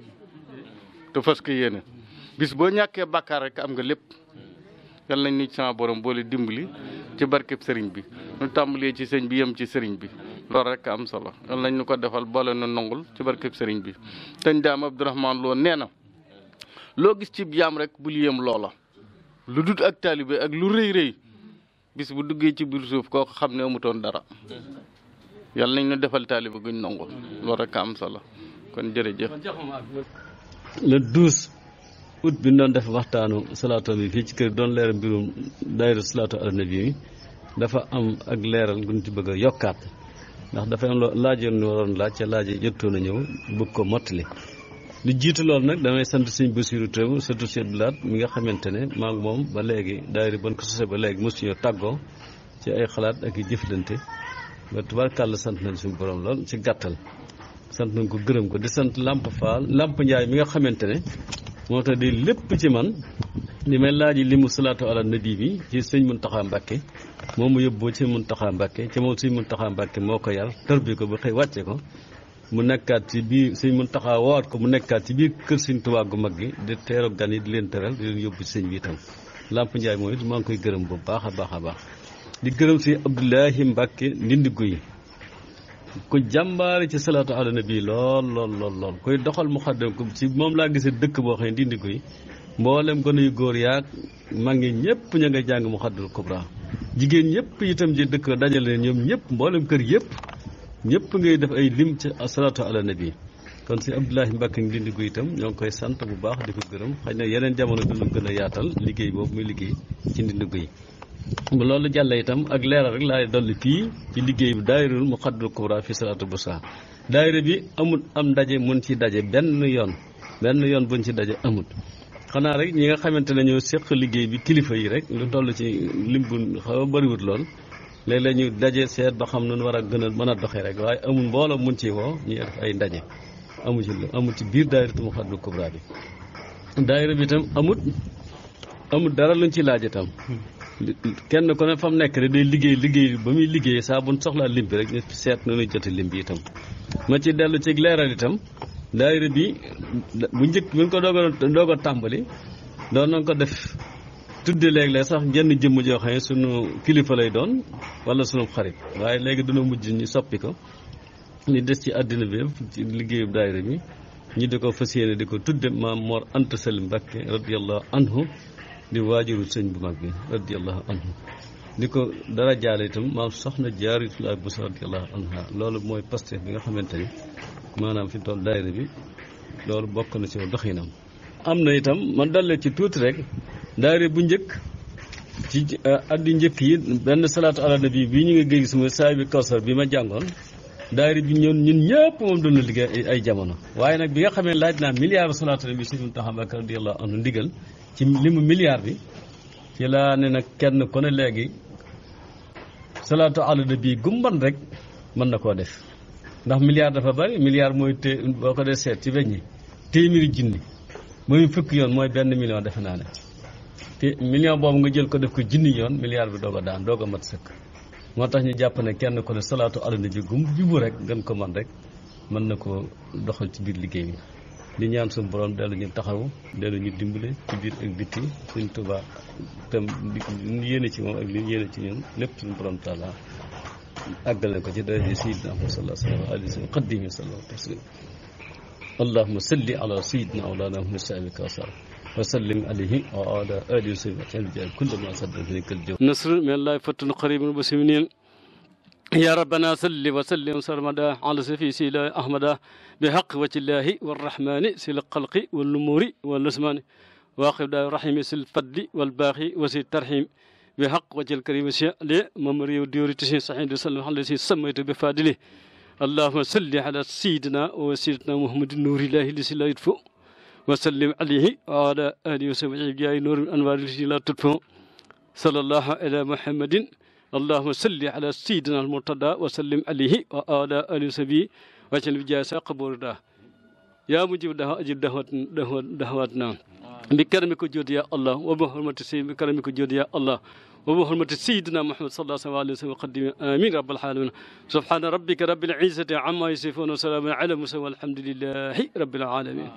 te fas ko yéene bis boo ñàkkee bàkkaar rek am nga lépp yal nañ ni sama borom boole dimbali ci barkeb sëriñ bi ñu tàmbalee ci sëñ bi yem ci sëriñ bi loolu rek am solo yal nañ ñu ko defal boole na nongul ci barkeb sëriñ bi teñ daam Abdourahman loo nee na loo gis ci jaam rek bul yem loola lu dut ak taalibe ak lu rëy rëy bis bu duggee ci biir suuf koo xam ne amutoon dara yal nañ ñu defal taaliba guñ nangu loolu rek am solo kon jërëjëf. le douze août bi ñu doon def waxtaanu salaato bi fii ci kër doon leer mbirum daayira salaato ala nabi bi dafa am ak leeral guñ ci bëgg a yokkaat ndax dafa am loo laajoon ñu waroon laaj ca laaj yi jottoon a ñëw bëgg ko mott li lu jiitu lool nag damay sant sëñ Basiiru Tew surtout sëñ Bilaat mi nga xamante ne maa ngi moom ba léegi daayira ban ko sosee ba léegi mosuñoo tàggoo ci ay xalaat ak i jëflante. ba tubaarkàlla sant nañ suñu boroom lool ci gàttal sant nañ ko gërëm ko di sant Lamp Fall làmp Ndiaye bi nga xamante ne moo tax di lépp ci man li may laaj li mu salaatu ala nabi bi ci sëñ Muntaxa Mbàkke moom mu yóbboo ci Muntaxa Mbàkke ci moom sëñ Muntaxa Mbàkke moo ko yar tërbi ko ba xëy wàcce ko mu nekkaat ci biir sëñ Muntaxa woowaat ko mu nekkaat ci biir kër sëñ tubaa gu mag gi di teeru gan yi di leen teral di leen yóbbu ci sëñ bi itam Lamp Ndiaye mooy maa ngi koy gërëm bu baax a baax a baax di gërëm si Abdoulahi Mbacke ndindigu yi ku jàmbaare ci salaatu ala nabi lool lool lool lool koy doxal muxaddam ko ci moom laa gisee dëkk boo xam ne ndindigu yi mboolem gone yu góor yaag mag ngi ñëpp ña nga jàng muxaddal kubra jigéen ñëpp itam ji dëkk dajale ñoom ñëpp mbooleem kër yëpp ñëpp ngay def ay lim ci salaatu ala nabi kon si Abdoulahi Mbacke ndindigu itam ñoo ngi koy sant bu baax di ko gërëm xëy na yeneen jamono dina gën a yaatal liggéey boobu muy liggéey ci ndindigu yi bu loolu jàllee itam ak leeral rek laay dolli fii ci liggéey bi daayirul Muqaddamatul Kubra fi Salatoul Busta daayira bi amul am ndaje mun ci daje benn yoon benn yoon buñ ci daje amut xanaa rek ñi nga xamante ne ñoo séq liggéey bi kilifa yi rek lu toll ci lim bu xaw a bëriwut lool léeg-léeg ñu daje seet ba xam nu war a gën mën a doxee rek waaye amul mbooloo mun ci woo ñu def ay ndaje amu ci amul ci biir daayiratu Muqaddamatul Kubra bi daayira bi itam amut amul dara luñ ci laaj kenn ku ne fa mu nekk rek day liggéey liggéey ba muy liggéey saa bu soxlaa lim rek seet na ñuy jote lim bi itam ma ci dellu ci leeral itam daayira bi bu njëkk bu ñu ko doog a doog a tàmbali doon nag ko def tudde léeg-léeg sax jenn jëmm joo xam ne sunu kilifa lay doon wala sunu xarit waaye léegi dina mujj ñu soppi ko ñu des ci àddina bi yëpp ci liggéeyub daayira bi ñu di ko fas yéene di ko tudde maam Mor Anta Sali Mbacke radiyallahu anhu di waajuru sëñ bu mag bi radiallahu anhu di ko dara jaale itam maam soxna jaaritulaay busa radiallahu anha loolu mooy pasteef bi nga xamante ni maanaam fi toll daayira bi loolu bokk na ci doxinam am na itam man dalee ci tuuti rek daayira bu njëkk ci uh, addi njëkk yi benn salaatu ala nabi bii ñu ngi gis mooy saay bi kawsar bi ma jàngoon daayira bi ñu ñun ñëpp moom doon na liggéey ay jamono waaye nag bi nga xamee laaj naa milliard salaatu nabi Sëriñ Muntaxa Mbakke radiyallaahu anhu ndigal ci limu milliard bi ci laa ne nag kenn ku ne léegi salaatu ala nabi gumban rek mën na koo def ndax milliard dafa bari milliard mooy té boo ko dee seet ci weññi téeméeri junni mooy fukki yoon mooy benn million defe naa ne te million boobu nga jël ko def ko jinni yoon milliard bi doog a daan doo ko mat sëkk moo tax ñu jàpp ne kenn ku ne salaatu ala nabi gum jubu rek gën ko man rek mën na ko doxal ci biir liggéey bi di ñaan suñu borom dellu ñu taxawu dellu ñu dimbale ci biir ak bitti suñ Tuubaa tam li yéene ci moom ak li yéene ci ñoom lépp suñu borom taala àggale ko ci daraja sayyidina Muhammad sallallahu alayhi wa sallam xaddimi sallallahu alayhi salli ala sayyidina mawlana Muhammad saabika wa sallam wa sallim alayhi wa ala alihi wa sahbihi wa sallam kullu ma sadda fi kal jaw nasr min yaa rabbana salli wa sallim sarmada ala safi si la ahmada bi haq wacillaahi warrahmani si l xalqi walumuuri walusmaani waaqib daa rahimi sil fadli walbaaxi wasi tarhim bi haq wacil karima si li moom réew dioritisin sahin di sallam ala si samaytu bi fadili allahuma salli ala sayidina wa sayidina muhammadin nuurillahi li si la yut fo wa sallim alayhi wa ala alihi wa sahbihi jaay nuuri anwaari li si la tut fo sallallahu ala muhammadin allahuma salli ala sayyidina al murtada wa sallim alayhi wa ala alihi sabi wacen bi jaay sa qaboru da ya mujib daa ajib dahwatna bi karami ko jodi ya allah wa bi hurmati sayyidi bi karami ko jodi ya allah wa bi hurmati sayyidina muhammad sallallahu alayhi wa sallam qaddim amin rabbal alamin subhana rabbika rabbil izzati amma yasifun wa salamun ala al mursalin walhamdulillahi rabbil alamin